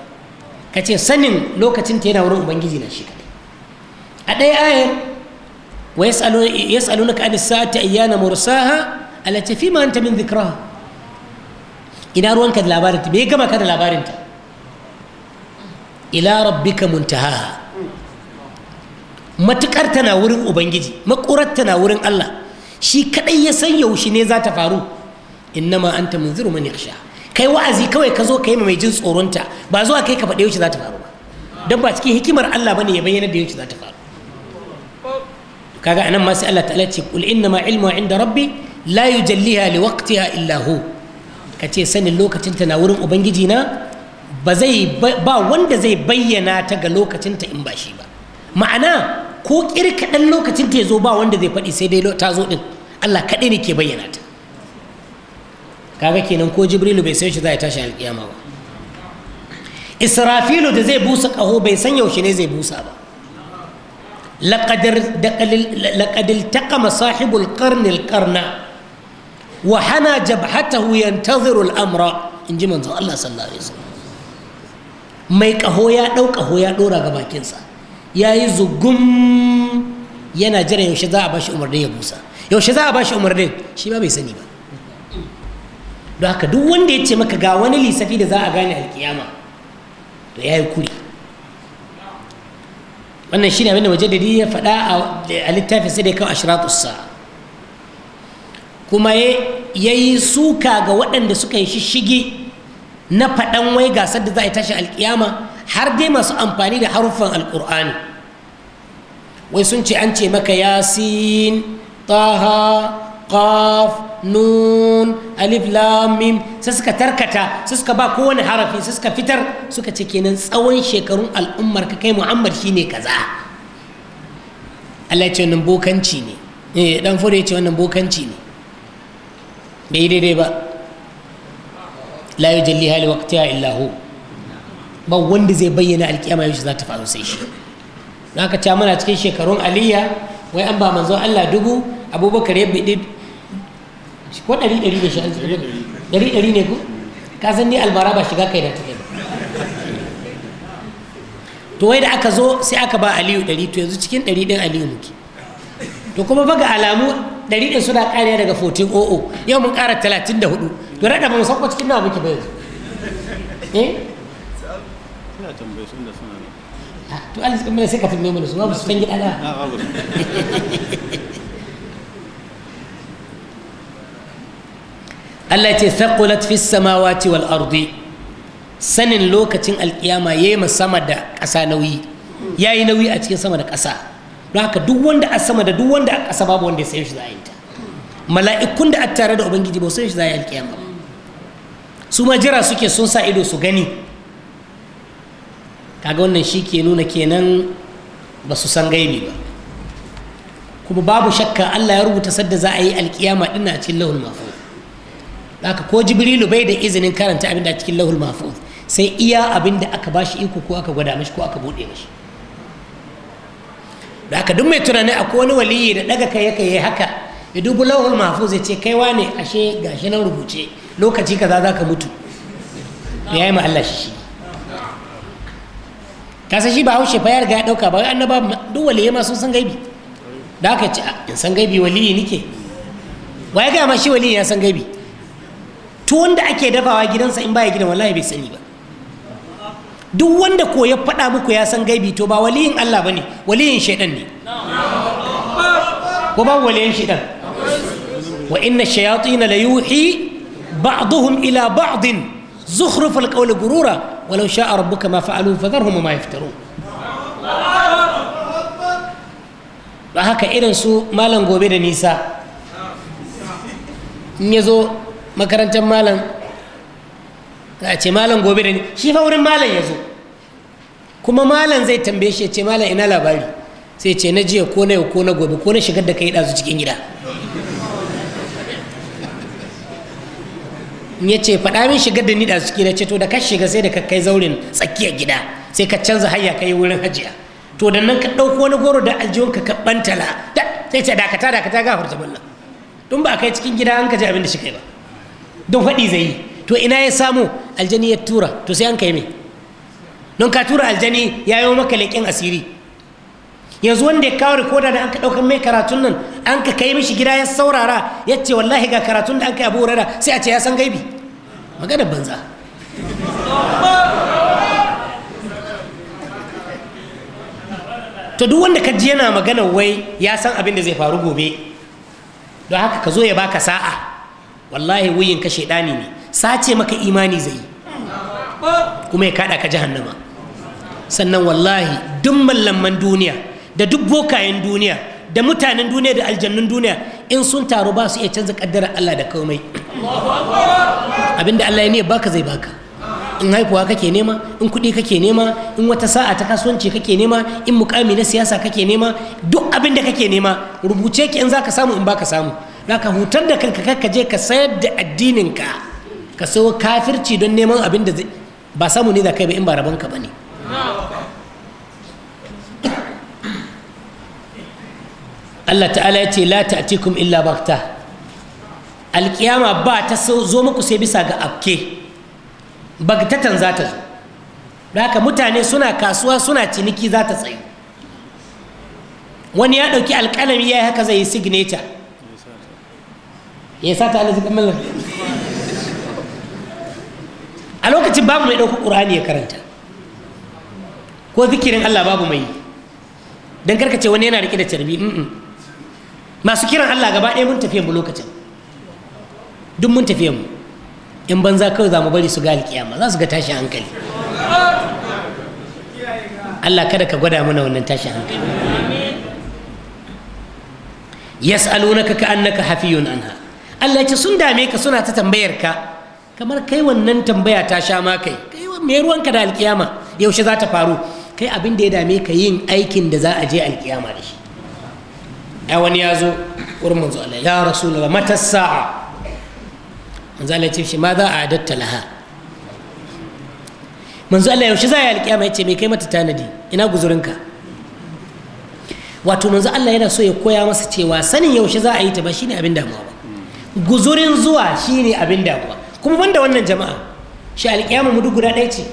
kace sanin lokacin ta yana wurin ubangiji na shi kadai a ɗaya ayar wa yas'alunaka an as ayyana mursaha alati fima anta min dhikraha ina ruwanka da labarinta me ya gama ka da labarinta ila rabbika muntaha matukar tana wurin ubangiji makurar tana wurin Allah shi kadai ya san yaushe ne za ta faru innama anta munziru man yakhsha kai wa'azi kawai ka zo ka kai mai jin tsoronta ba zuwa kai ka faɗi yaushe za ta faru ba don ba cikin hikimar Allah bane ya bayyana da yaushe za ta faru kaga anan ma sai Allah ta'ala ce kul innama ilmu inda rabbi la yujalliha liwaqtiha illa hu ka ce sanin lokacinta na wurin ubangiji na ba zai ba wanda zai bayyana ta ga lokacinta in ba shi ba ma'ana ko kirkaɗan lokacinta ya zo ba wanda zai faɗi sai dai ta zo ɗin allah kaɗai ne ke bayyana ta kaga kenan ko jibrilu bai san shi zai tashi alƙiyama ba israfilu da zai busa ƙaho bai san yaushe ne zai busa ba laƙadil taƙama sahibul ƙarnil ƙarna Wahana hana jabhatahu yantaziru al'amra in ji manzon Allah ya dau ya dora ga bakinsa yayi zugum yana jiran yaushe za a bashi umarnin ya busa yaushe za a bashi umarnin shi ba bai sani ba don haka duk wanda ya ce maka ga wani lissafi da za a gane alkiyama to ya yi kuri wannan shine abin da mujaddadi ya faɗa a littafin sai dai kan ashratus sa'a kuma ya yi suka ga waɗanda suka yi shishigi na faɗan wai gasar da za a yi tashi alkiyama har dai masu amfani da haruffan alƙur'ani wai sun ce an ce maka yasin taha qaf nun alif lam sai suka tarkata sai suka ba kowane harafi sai suka fitar suka ce kenan tsawon shekarun al'ummar ka kai muhammad shine kaza Allah ya ce wannan bokanci ne eh, dan fure ya ce wannan bokanci ne bai daidai ba la jalli hali waqtiha illa hu ba wanda zai bayyana alkiyama yau za ta faru sai shi Na muna cikin shekarun aliyya wai an ba manzon Allah dubu abubakar ya bidi ko ɗari ɗari da shi ne ko ka san ni albara ba shiga kai da take to wai da aka zo sai aka ba aliyu ɗari to yanzu cikin ɗari din aliyu muke to kuma baga alamu ɗari ɗin suna ƙariya daga 1400 yau mun ƙara 34 to raɗa ba mu cikin nawa muke yanzu eh to Allah kuma sai ka tambaye mana su ba su san gida na Allah ce thaqulat fi samawati wal ardi sanin lokacin alkiyama yayi sama da ƙasa nauyi yayi nauyi a cikin sama da ƙasa don duk wanda a sama da duk wanda a ƙasa babu wanda ya san shi za ta mala'ikun da a tare da ubangiji ba san shi za a yi alƙiyama su ma jira suke sun sa ido su gani kaga wannan shi ke nuna kenan ba su san gaibi ba kuma babu shakka Allah ya rubuta sadda za a yi alkiyama ɗin a cikin lahul mafu haka ko jibrilu bai da izinin karanta abin da cikin lahul mafu sai iya abin da aka bashi iko ko aka gwada mashi ko aka buɗe mashi da haka duk mai tunani akwai wani waliyi da daga kai yake yi haka ya dubu lauhul mahfuz ya ce kai wane ashe gashi nan rubuce lokaci kaza za ka mutu ya yi Allah shi ta san shi ba haushe fa ya riga ya dauka ba annaba duk waliyi ma sun san gaibi da haka ce ah, in san gaibi waliyi nike wa ya ga ma shi waliyi ya san gaibi tuwon da ake dafawa gidansa in baya gidan wallahi bai sani ba duk wanda ko ya faɗa muku ya san gaibi to ba waliyin Allah bane waliyin shaiɗan ne ko ba waliyin shaidan wa inna shayatin la yuhi ba'dhum ila ba'd zukhruf al-qawl gurura walau sha'a rabbuka ma fa'alu fadharhum ma yaftarun ba haka irin su malam gobe da nisa in yazo makarantar malam za a ce malam gobe da ni shi fa wurin malam ya zo kuma malam zai tambaye shi ya ce malam ina labari sai ce na jiya ko na yau ko na gobe ko na shigar da kai ɗazu cikin gida ya ce faɗa min shigar da ni ɗazu cikin gida ce to da ka shiga sai da ka kai zaurin tsakiyar gida sai ka canza hanya ka yi wurin hajiya to da nan ka ɗauko wani goro da aljihun ka bantala sai ce dakata dakata gafarta balla tun ba a kai cikin gida an ka ji abin da shi kai ba don faɗi zai yi to ina ya samu aljani ya tura to sai an kai mai don ka tura aljani ya yi maka leƙen asiri yanzu wanda ya kawo rikoda da an ka ɗaukar mai karatun nan an ka kai mishi gida ya saurara ya ce wallahi ga karatun da an kai abu rara sai a ce ya san gaibi maganar banza to duk wanda ka ji yana magana wai ya san abin da zai faru gobe don haka ka zo ya baka sa'a wallahi wuyin kashe shaidani ne sace maka imani zai yi kuma ya kada ka jahannama sannan wallahi duk mallaman duniya da duk bokayen duniya da mutanen duniya da aljannun duniya in sun taru ba su iya canza kaddara Allah da komai abinda Allah ya ne baka zai baka in haifuwa kake nema in kuɗi kake nema in wata sa'a ta kasuwanci kake nema in mukami na siyasa kake nema duk abinda kake nema rubuce ki in zaka samu in baka samu zaka hutar da kanka kakka je ka sayar da addinin ka ka so kafirci don neman abin da ba samu ne da kai ba in ba rabonka ba ne Allah ta'ala ya ce la ta'tikum illa bakta alkiyama ba ta zo muku sai bisa ga afke bagtatan za ta zo da haka mutane suna kasuwa suna ciniki za ta tsaye wani ya ɗauki alƙalami ya yi haka zai yi signature ya sa ta alazikin mallaka a lokacin babu mai ɗauka ƙur'ani ya karanta ko zikirin Allah babu mai don karkace wani yana riƙe da carbi masu kiran Allah gaba ɗaya mun tafiye mu lokacin duk mun tafiye mu in banza kawai za mu bari su ga alƙiyama za su ga tashin hankali Allah kada ka gwada mana wannan tashin hankali yas'alunaka ka'annaka hafiyun anha Allah ya ce sun dame ka suna ta tambayar ka kamar kai wannan tambaya ta sha ma kai kai me ruwanka da alkiyama yaushe za ta faru kai abin da ya dame ka yin aikin da za a je alkiyama da shi ai wani ya zo wurin manzo Allah ya rasulullah mata sa'a manzo Allah ya ce shi ma za a adatta laha manzo Allah yaushe za a yi alkiyama ya ce me kai mata tanadi ina guzurinka wato manzo Allah yana so ya koya masa cewa sanin yaushe za a yi ta ba shine abin damuwa ba guzurin zuwa shine abin damuwa kuma banda wannan jama'a shi alƙiyama mu duk guda ɗaya ce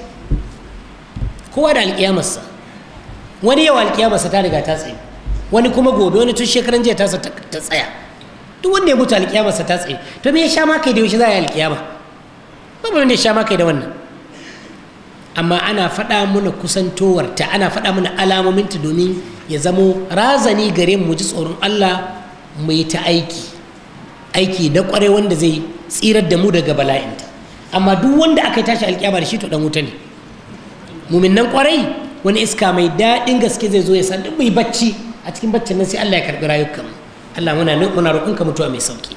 kowa da alƙiyamarsa wani yawa alƙiyamarsa ta riga ta tsaye wani kuma gobe wani tun shekaran jiya tasa ta tsaya duk wanda ya mutu alƙiyamarsa ta tsaye to me ya sha makai da yaushe za a yi alƙiyama ba wanda ya sha makai da wannan amma ana faɗa mana kusantowarta ana faɗa mana alamominta domin ya zamo razani gare mu ji tsoron Allah mu yi ta aiki aiki na ƙwarai wanda zai tsirar da mu daga bala'inta amma duk wanda aka tashi alƙiyama da shi to dan wuta ne muminan kwarai wani iska mai daɗin gaske zai zo ya san duk mai bacci a cikin baccin nan sai Allah ya karɓi rayukan mu Allah muna muna ka mutuwa mai sauki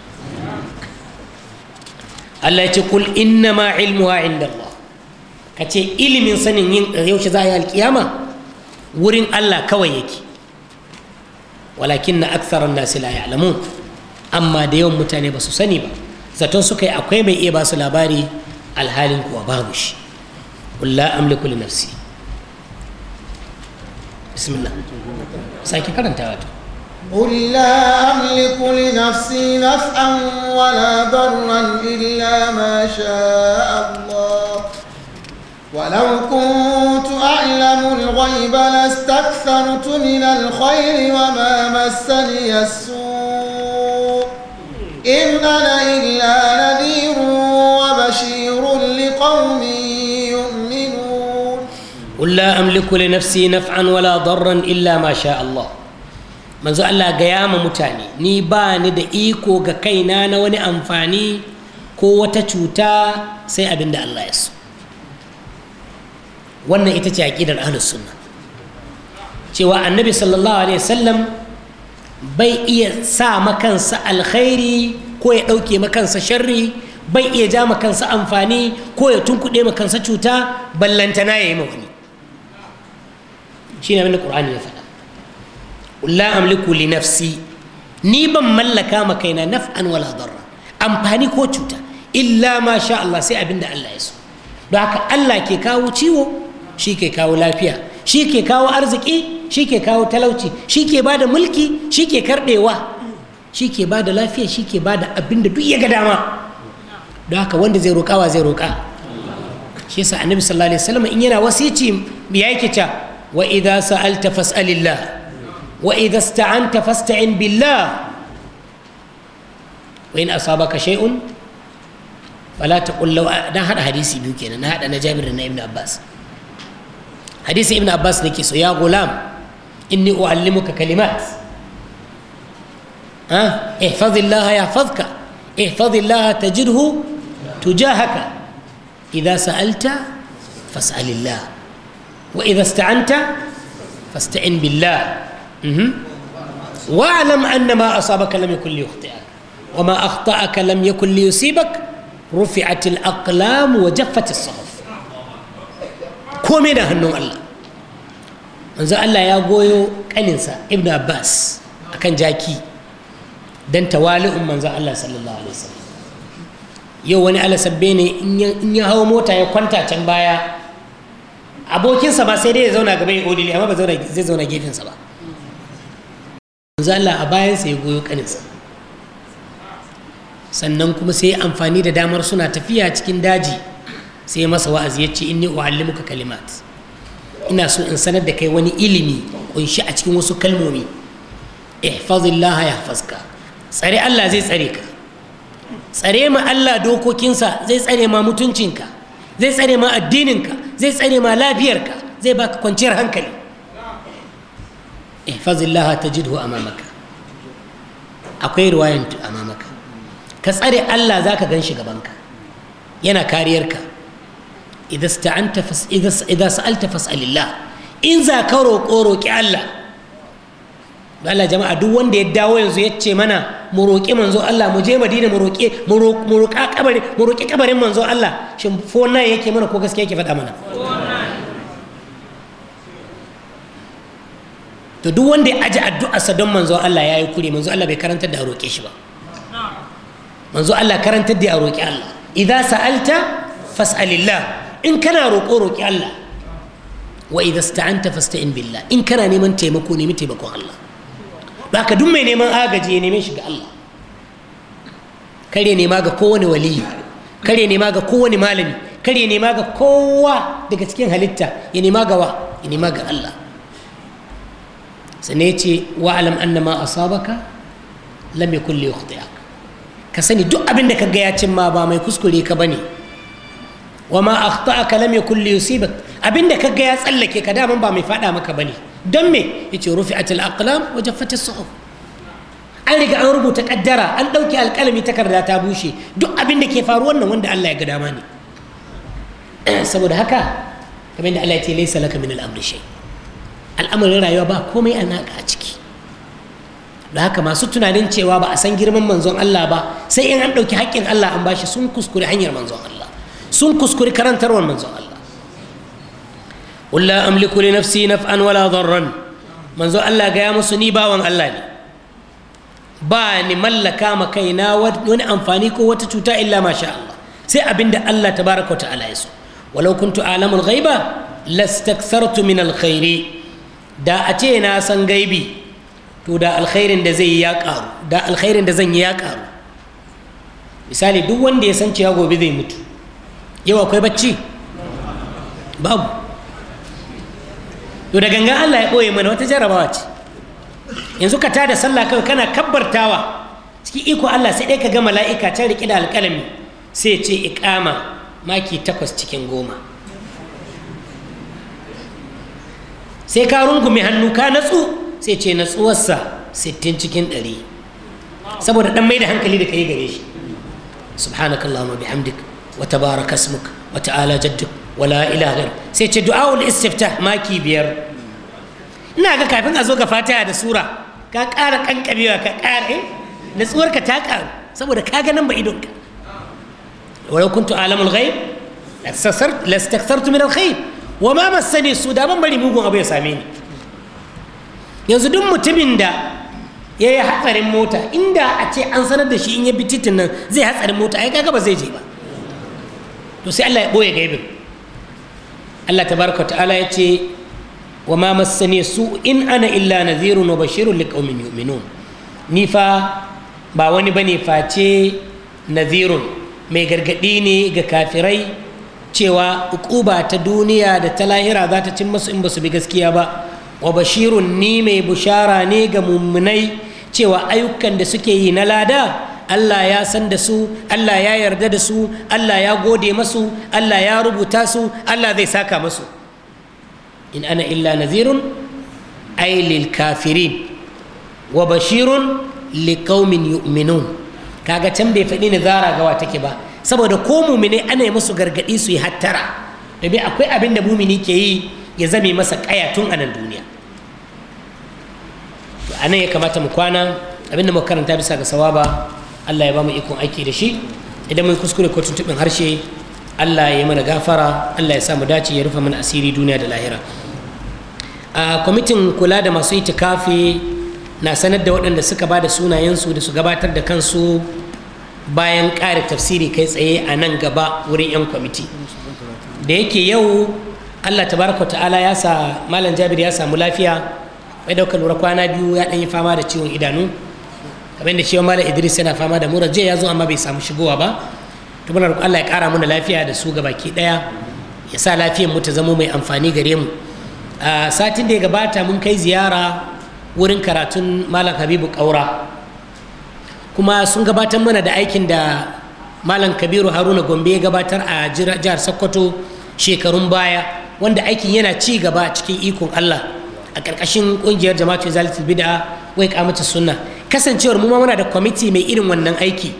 Allah ya ce kul inna ma ilmuha inda Allah ka ce ilimin sanin yin yaushe za a yi alƙiyama wurin Allah kawai yake walakin na aksarar nasi la ya'lamun amma da yawan mutane ba su sani ba zaton suka yi akwai mai iya ba su labari alhalin kuwa babu shi la amliku li nafsi bismillah sake karantawa to قل لا أملك لنفسي نفعا ولا ضرا إلا ما شاء الله ولو كنت أعلم الغيب لاستكثرت من الخير وما مسني السوء إن أنا إلا نذير وبشير لقوم يؤمنون قل لا أملك لنفسي نفعا ولا ضرا إلا ما شاء الله manzo Allah gaya ma mutane ni bani da iko ga kaina na wani amfani ko wata cuta sai abinda Allah ya so wannan ita ce aqidar ahlus sunna cewa annabi sallallahu alaihi wasallam bai iya sa makansa alkhairi ko ya ɗauke makansa sharri bai iya ja makansa amfani ko ya tunkuɗe makansa cuta na ya yi mawani shi ne abin da ƙur'ani ya faɗa la amliku li nafsi ni ban mallaka ma kaina naf'an wala darra amfani ko cuta illa ma sha Allah sai abin da Allah ya so don haka Allah ke kawo ciwo shi ke kawo lafiya shi ke kawo arziki shi ke kawo talauci shi ke ba da mulki shi ke karɓewa shi ke ba da lafiya shi ke ba da abin da duk ya ga dama don haka wanda zai wa zai roƙa shi yasa annabi sallallahu alaihi wasallam in yana wasici ya yake ta wa idza sa'alta fas'alillah wa idza ista'anta fasta'in billah wa in asabaka shay'un fala taqul law dan hada hadisi biyu kenan na hada na Jabir da na Ibn Abbas حديث ابن عباس نكيس يا غلام اني اعلمك كلمات ها احفظ الله يحفظك احفظ الله تجده تجاهك اذا سالت فاسال الله واذا استعنت فاستعن بالله واعلم ان ما اصابك لم يكن ليخطئك وما اخطاك لم يكن ليصيبك رفعت الاقلام وجفت الصحف komai da hannun Allah manzo Allah ya goyo kaninsa Ibn Abbas akan jaki dan tawali'un manzo Allah sallallahu alaihi wasallam yau wani alasabbe ne in ya hawo mota ya kwanta can baya abokinsa ba sai dai ya zauna gaba ya odili amma ba zai zauna gefensa ba manzo Allah a bayansa ya goyo kaninsa sannan kuma sai amfani da damar suna tafiya cikin daji sai masa wa'azi ya ce inni uallimuka kalimat ina so in sanar da kai wani ilimi kunshi a cikin wasu kalmomi ihfazillah yahfazka tsare Allah zai tsare ka tsare ma Allah dokokinsa zai tsare ma mutuncinka zai tsare ma addininka zai tsare ma lafiyarka zai baka kwanciyar hankali ihfazillah tajidhu amamaka akwai ruwayan amamaka ka tsare Allah zaka gan shi gabanka yana kariyarka idza sta'anta fas idza idza sa'alta fas'alillah in za ka roƙo roƙi Allah Allah jama'a duk wanda ya dawo yanzu ya ce mana mu roƙi manzo Allah mu je Madina mu roƙe mu roƙa kabari mu roƙi kabarin manzo Allah shin fona yake mana ko gaskiya yake faɗa mana to duk wanda ya aji addu'arsa don manzo Allah yayi yi kure manzo Allah bai karantar da a roƙe shi ba manzo Allah karantar da a roƙi Allah idza sa'alta fas'alillah in kana roƙo roƙi Allah wa idza sta'anta fasta'in billah in kana neman taimako nemi taimakon Allah baka duk mai neman agaji ya neme shi ga Allah kare nema ga kowane waliyi kare nema ga kowane malami kare nema ga kowa daga cikin halitta ya nema ga wa ya nema ga Allah sannan ya ce wa'alam annama asabaka lam yakun li yukhti'ak ka sani duk abin da ka ga ya cin ma ba mai kuskure ka bane wa ma aka lam yakul li yusibak abinda kaga ya tsallake ka daman ba mai fada maka bane don me yace rufi'atil aqlam wa jaffat suhuf an riga an rubuta kaddara an ɗauki alkalami takarda ta bushe duk abinda ke faru wannan wanda Allah ya ga dama ne saboda haka kamar da Allah ya ce laysa laka min al-amri shay al'amarin rayuwa ba komai a naka a ciki da haka masu tunanin cewa ba a san girman manzon Allah ba sai in an ɗauki haƙƙin Allah an bashi sun kuskure hanyar manzon Allah sun kuskuri karantarwar manzon Allah walla amliku li nafsi naf'an wala darran manzo Allah gaya masu musu ni bawan Allah ne ba mallaka ma kaina wani amfani ko wata cuta illa masha sai abinda Allah tabaraka ta'ala ya so walau kuntu alamul ghaiba lastakthartu min alkhairi da a ce na san gaibi to da alkhairin da zai ya karu da alkhairin da zan yi ya karu misali duk wanda ya san cewa gobe zai mutu yau akwai bacci babu to da ganga Allah ya ɓoye mana wata jarabawa ce yanzu ka tada sallah kawai kana kabbartawa ciki iko Allah sai dai ka ga mala'ika ta riƙe da alƙalami sai ce iqama maki takwas cikin goma sai ka rungume hannu ka natsu sai ce natsuwarsa sittin cikin ɗari saboda ɗan mai da hankali da ka yi gare shi subhanakallahumma bihamdika wa tabaraka ismuk wa ta'ala jadduk wa la ilaha ghayr sai ce du'aul istiftah maki biyar ina ga kafin a zo ga fata da sura ka ƙara kankabewa ka ƙara eh natsuwarka ta saboda ka nan ba idonka walau kuntu alamul ghaib lastakthartu min alkhair wa ma massani su da ban bari mugun abu ya same ni yanzu duk mutumin da ya yi hatsarin mota inda a ce an sanar da shi in ya bi zai hatsarin mota ai ba zai je ba to sai Allah ya ɓoye gaibin Allah ta tabaraka ta'ala ya ce wa ma massani su in ana illa nazirun wa bashirun liqaumin yu'minun ni fa ba wani bane face nazirun mai gargadi ne ga kafirai cewa ba ta duniya da ta lahira za ta cin masu in ba su bi gaskiya ba wa bashirun ni mai bushara ne ga mumminai cewa ayyukan da suke yi na lada Allah ya san da su Allah ya yarda da su Allah ya gode masu Allah ya rubuta su Allah zai saka masu in ana illa nazirun ay lil kafirin wa bashirun liqaumin yu'minun kaga can bai faɗi nazara gawa take ba saboda ko mumine ana yi musu gargaɗi su yi hattara domin akwai abin da mumini ke yi ya zame masa ƙaya tun a nan duniya A anan ya kamata mu kwana abin da muka karanta bisa ga sawaba Allah ya ba mu ikon aiki da shi idan mun kuskure ko tuntuɓin harshe Allah ya mana gafara Allah ya sa mu dace ya rufe mana asiri duniya da lahira a kwamitin kula da masu itikafi na sanar da waɗanda suka ba da sunayensu da su gabatar da kansu bayan ƙare tafsiri kai tsaye a nan gaba wurin 'yan kwamiti da yake yau allah tabaraka ta'ala ya sa malam jabir ya samu lafiya mai ɗaukar lura kwana biyu ya ɗan yi fama da ciwon idanu abin da shi malam idris yana fama da mura jiya ya zo amma bai samu shigowa ba to muna roƙon allah ya ƙara mana lafiya da su gabaki ɗaya ya sa lafiyar mu ta zama mai amfani gare mu a satin da ya gabata mun kai ziyara wurin karatun malam habibu ƙaura kuma sun gabatar mana da aikin da malam kabiru haruna gombe ya gabatar a jihar sokoto shekarun baya wanda aikin yana ci gaba cikin ikon allah a ƙarƙashin ƙungiyar jama'atu zalitul bid'a wai kamata sunna kasancewar mu ma muna da kwamiti mai irin wannan aiki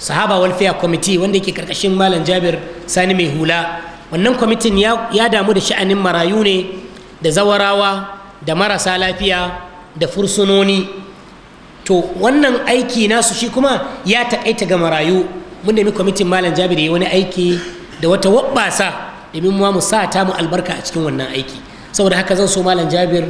sahaba welfare kwamiti wanda ke karkashin malam jabir sani mai hula wannan kwamitin ya damu da sha'anin marayu ne da zawarawa da marasa lafiya da fursunoni to wannan aiki nasu shi kuma ya takaita ga marayu mun nemi kwamitin malam jabir ya wani aiki da wata wabbasa domin mu mu sa ta mu albarka a cikin wannan aiki saboda haka zan so malam jabir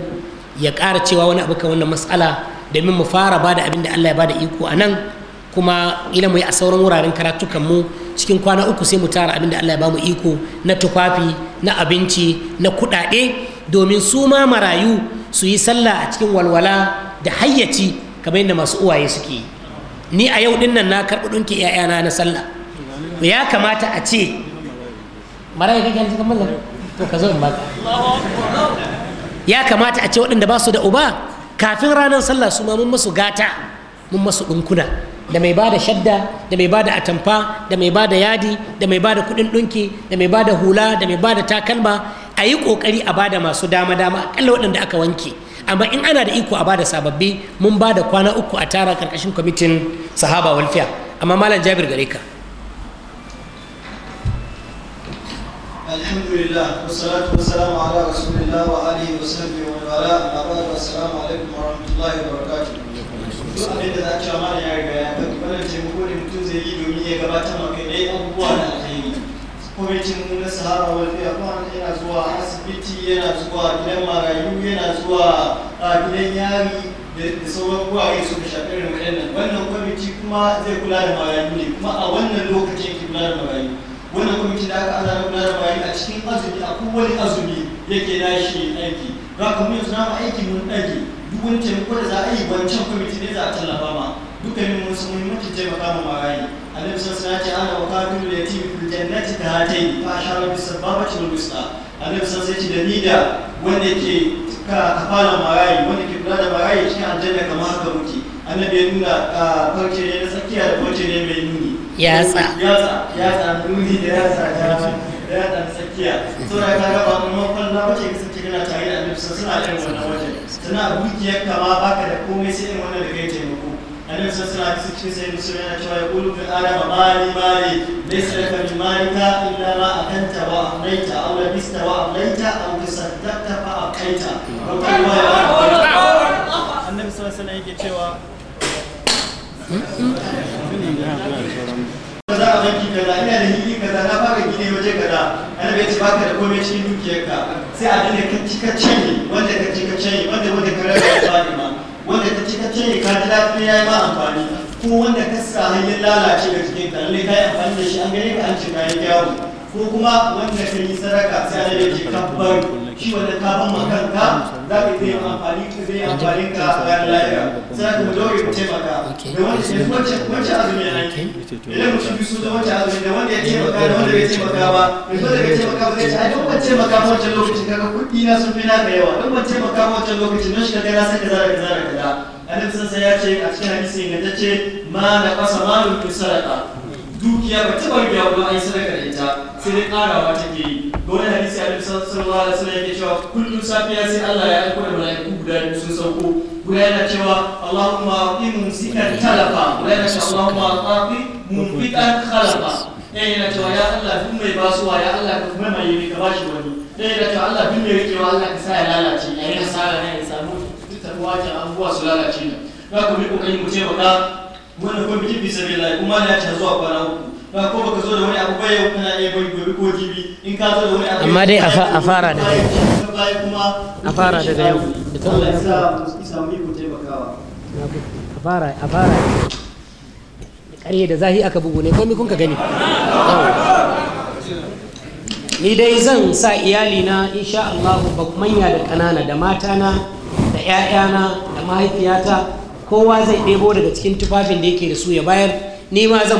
ya ƙara cewa wani abu kan wannan matsala domin mu fara ba da abin da Allah ya ba da iko a nan kuma ila mu yi a sauran wuraren karatukan mu cikin kwana uku sai mu tara abin da Allah ya ba mu iko na tufafi na abinci na kuɗaɗe domin su ma marayu su yi sallah a cikin walwala da hayyaci kamar yadda masu uwaye suke yi ni a yau dinnan nan na karɓi ɗinki 'ya'yana na sallah ya kamata a ce marayu kake yanzu kamar to ka zo in ba ya kamata a ce waɗanda ba su da uba kafin ranar sallah su ma mun masu gata mun masu ɗinkuna da mai bada shadda da mai bada atamfa da mai bada yadi da mai bada kuɗin ɗunki da mai bada hula da mai bada takalma a yi ƙoƙari a bada masu dama dama akalla waɗanda aka wanke amma in ana da iko a bada sababbi mun bada kwana uku a tara ƙarƙashin kwamitin sahaba walfiya amma malam jabir gare ka الحمد لله والصلاة والسلام على رسول الله وآله وصحبه ومن والاه أما بعد والسلام عليكم ورحمة الله وبركاته duk abin da za a mana ya riga ya faɗi wannan taimako da mutum zai yi domin ya gabatar maka ne abubuwa na alheri kwamitin na sahara walfiya kuma yana zuwa asibiti yana zuwa gidan marayu yana zuwa gidan yari da sauran wurare suka shafi irin waɗannan wannan kwamiti kuma zai kula da marayu ne kuma a wannan lokacin ke kula da marayu wannan kwamiti da aka azara da bayan a cikin azumi a kowane azumi yake nashi aiki don kuma yanzu na aiki mun ɗage duk wani taimako da za a yi wancan kwamiti ne za a tallafa ma dukkanin mun sun muhimmancin taimaka ma marayi annabi sun sana ce ana wata duk da yati fil jannati ta hatai fa ashara bis sababati wal wusta annabi sun sai ce da ni da wanda ke ka kafala marayi wanda ke kula da marayi cikin aljanna kamar haka muke annabi ya nuna ah, farce ne na tsakiya da farce ne mai nuni yatsa yatsa yatsa nuni da yatsa da yatsa tsakiya saboda ka ga ba mu kwalla bace ka sake kana tare da annabi sallallahu alaihi wasallam wannan waje tana dukiyar ka ma baka da komai sai in wannan da kai taimako annabi sallallahu alaihi wasallam cikin sai musulmi yana cewa yaqulu fil adama mali mali laysa laka min malika illa ma akanta wa amlaita aw labista wa amlaita aw tasaddaqta fa aqaita annabi sallallahu alaihi wasallam yake cewa hmm? Hmm? kome shi ka sai abin da ka cika ka wanda ka cika ka wanda wanda ka rage amfani ma wanda ka cika ka ka ji lafiya ya yi ma amfani ko wanda ka sa hanyar lalace da jikinka lallai ka yi amfani da shi an gani ka an cika ya yi gyaru ko kuma wanda ka yi sadaka sai da yake kabbar shi wanda ta ban makanta za ka yi amfani ka zai amfani ka bayan lafiya sai ka dole ku taimaka da wanda ya wacce wacce azumi ya yi idan mutum su da wacce azumi da wanda ya taimaka da wanda bai taimaka ba bai so da bai taimaka ba zai ce ai ban taimaka ma wancan lokacin kaga kuɗi na sun fi na ga yawa dan ban taimaka ma wancan lokacin don shi ka na sai ka zara ka zara ka da kaza annabi sun sai ya ce a cikin hadisi ne ta ce ma na kasa malun fi sadaka dukiya ba ta barbiya yawo ba ai sadaka da ita sai dai karawa take yi wani hadisi annabi sallallahu alaihi wasallam yake cewa kullum safiya sai Allah ya aiko da mala'iku guda biyu sun sauko guda yana cewa Allahumma aqim mumsikan talafa guda yana cewa Allahumma aqim mumfiqan khalafa ɗaya yana cewa ya Allah duk mai basuwa ya Allah ka kuma mai yi ka bashi wani ɗaya yana cewa Allah duk mai rikewa Allah ka sa ya lalace ya yi hasara ne ya samu duk tabuwa ta abubuwa su lalace ne za ku bi kokari mu taimaka wani kuma bikin bisa bai kuma ya ci zuwa kwana uku ba ko baka zo da wani abu bai yau kana iya bai gobe ko jibi in ka zo da wani abu amma dai a fara da yau a fara da yau da Allah ya sa mu samu iko taimakawa a fara a fara ƙarye da zahi aka bugu ne komai kun ka gani ni dai zan sa iyalina insha Allah ba manya da ƙanana da matana da 'ya'yana da mahaifiyata kowa zai ɗebo daga cikin tufafin da yake da su ya bayar ni ma zan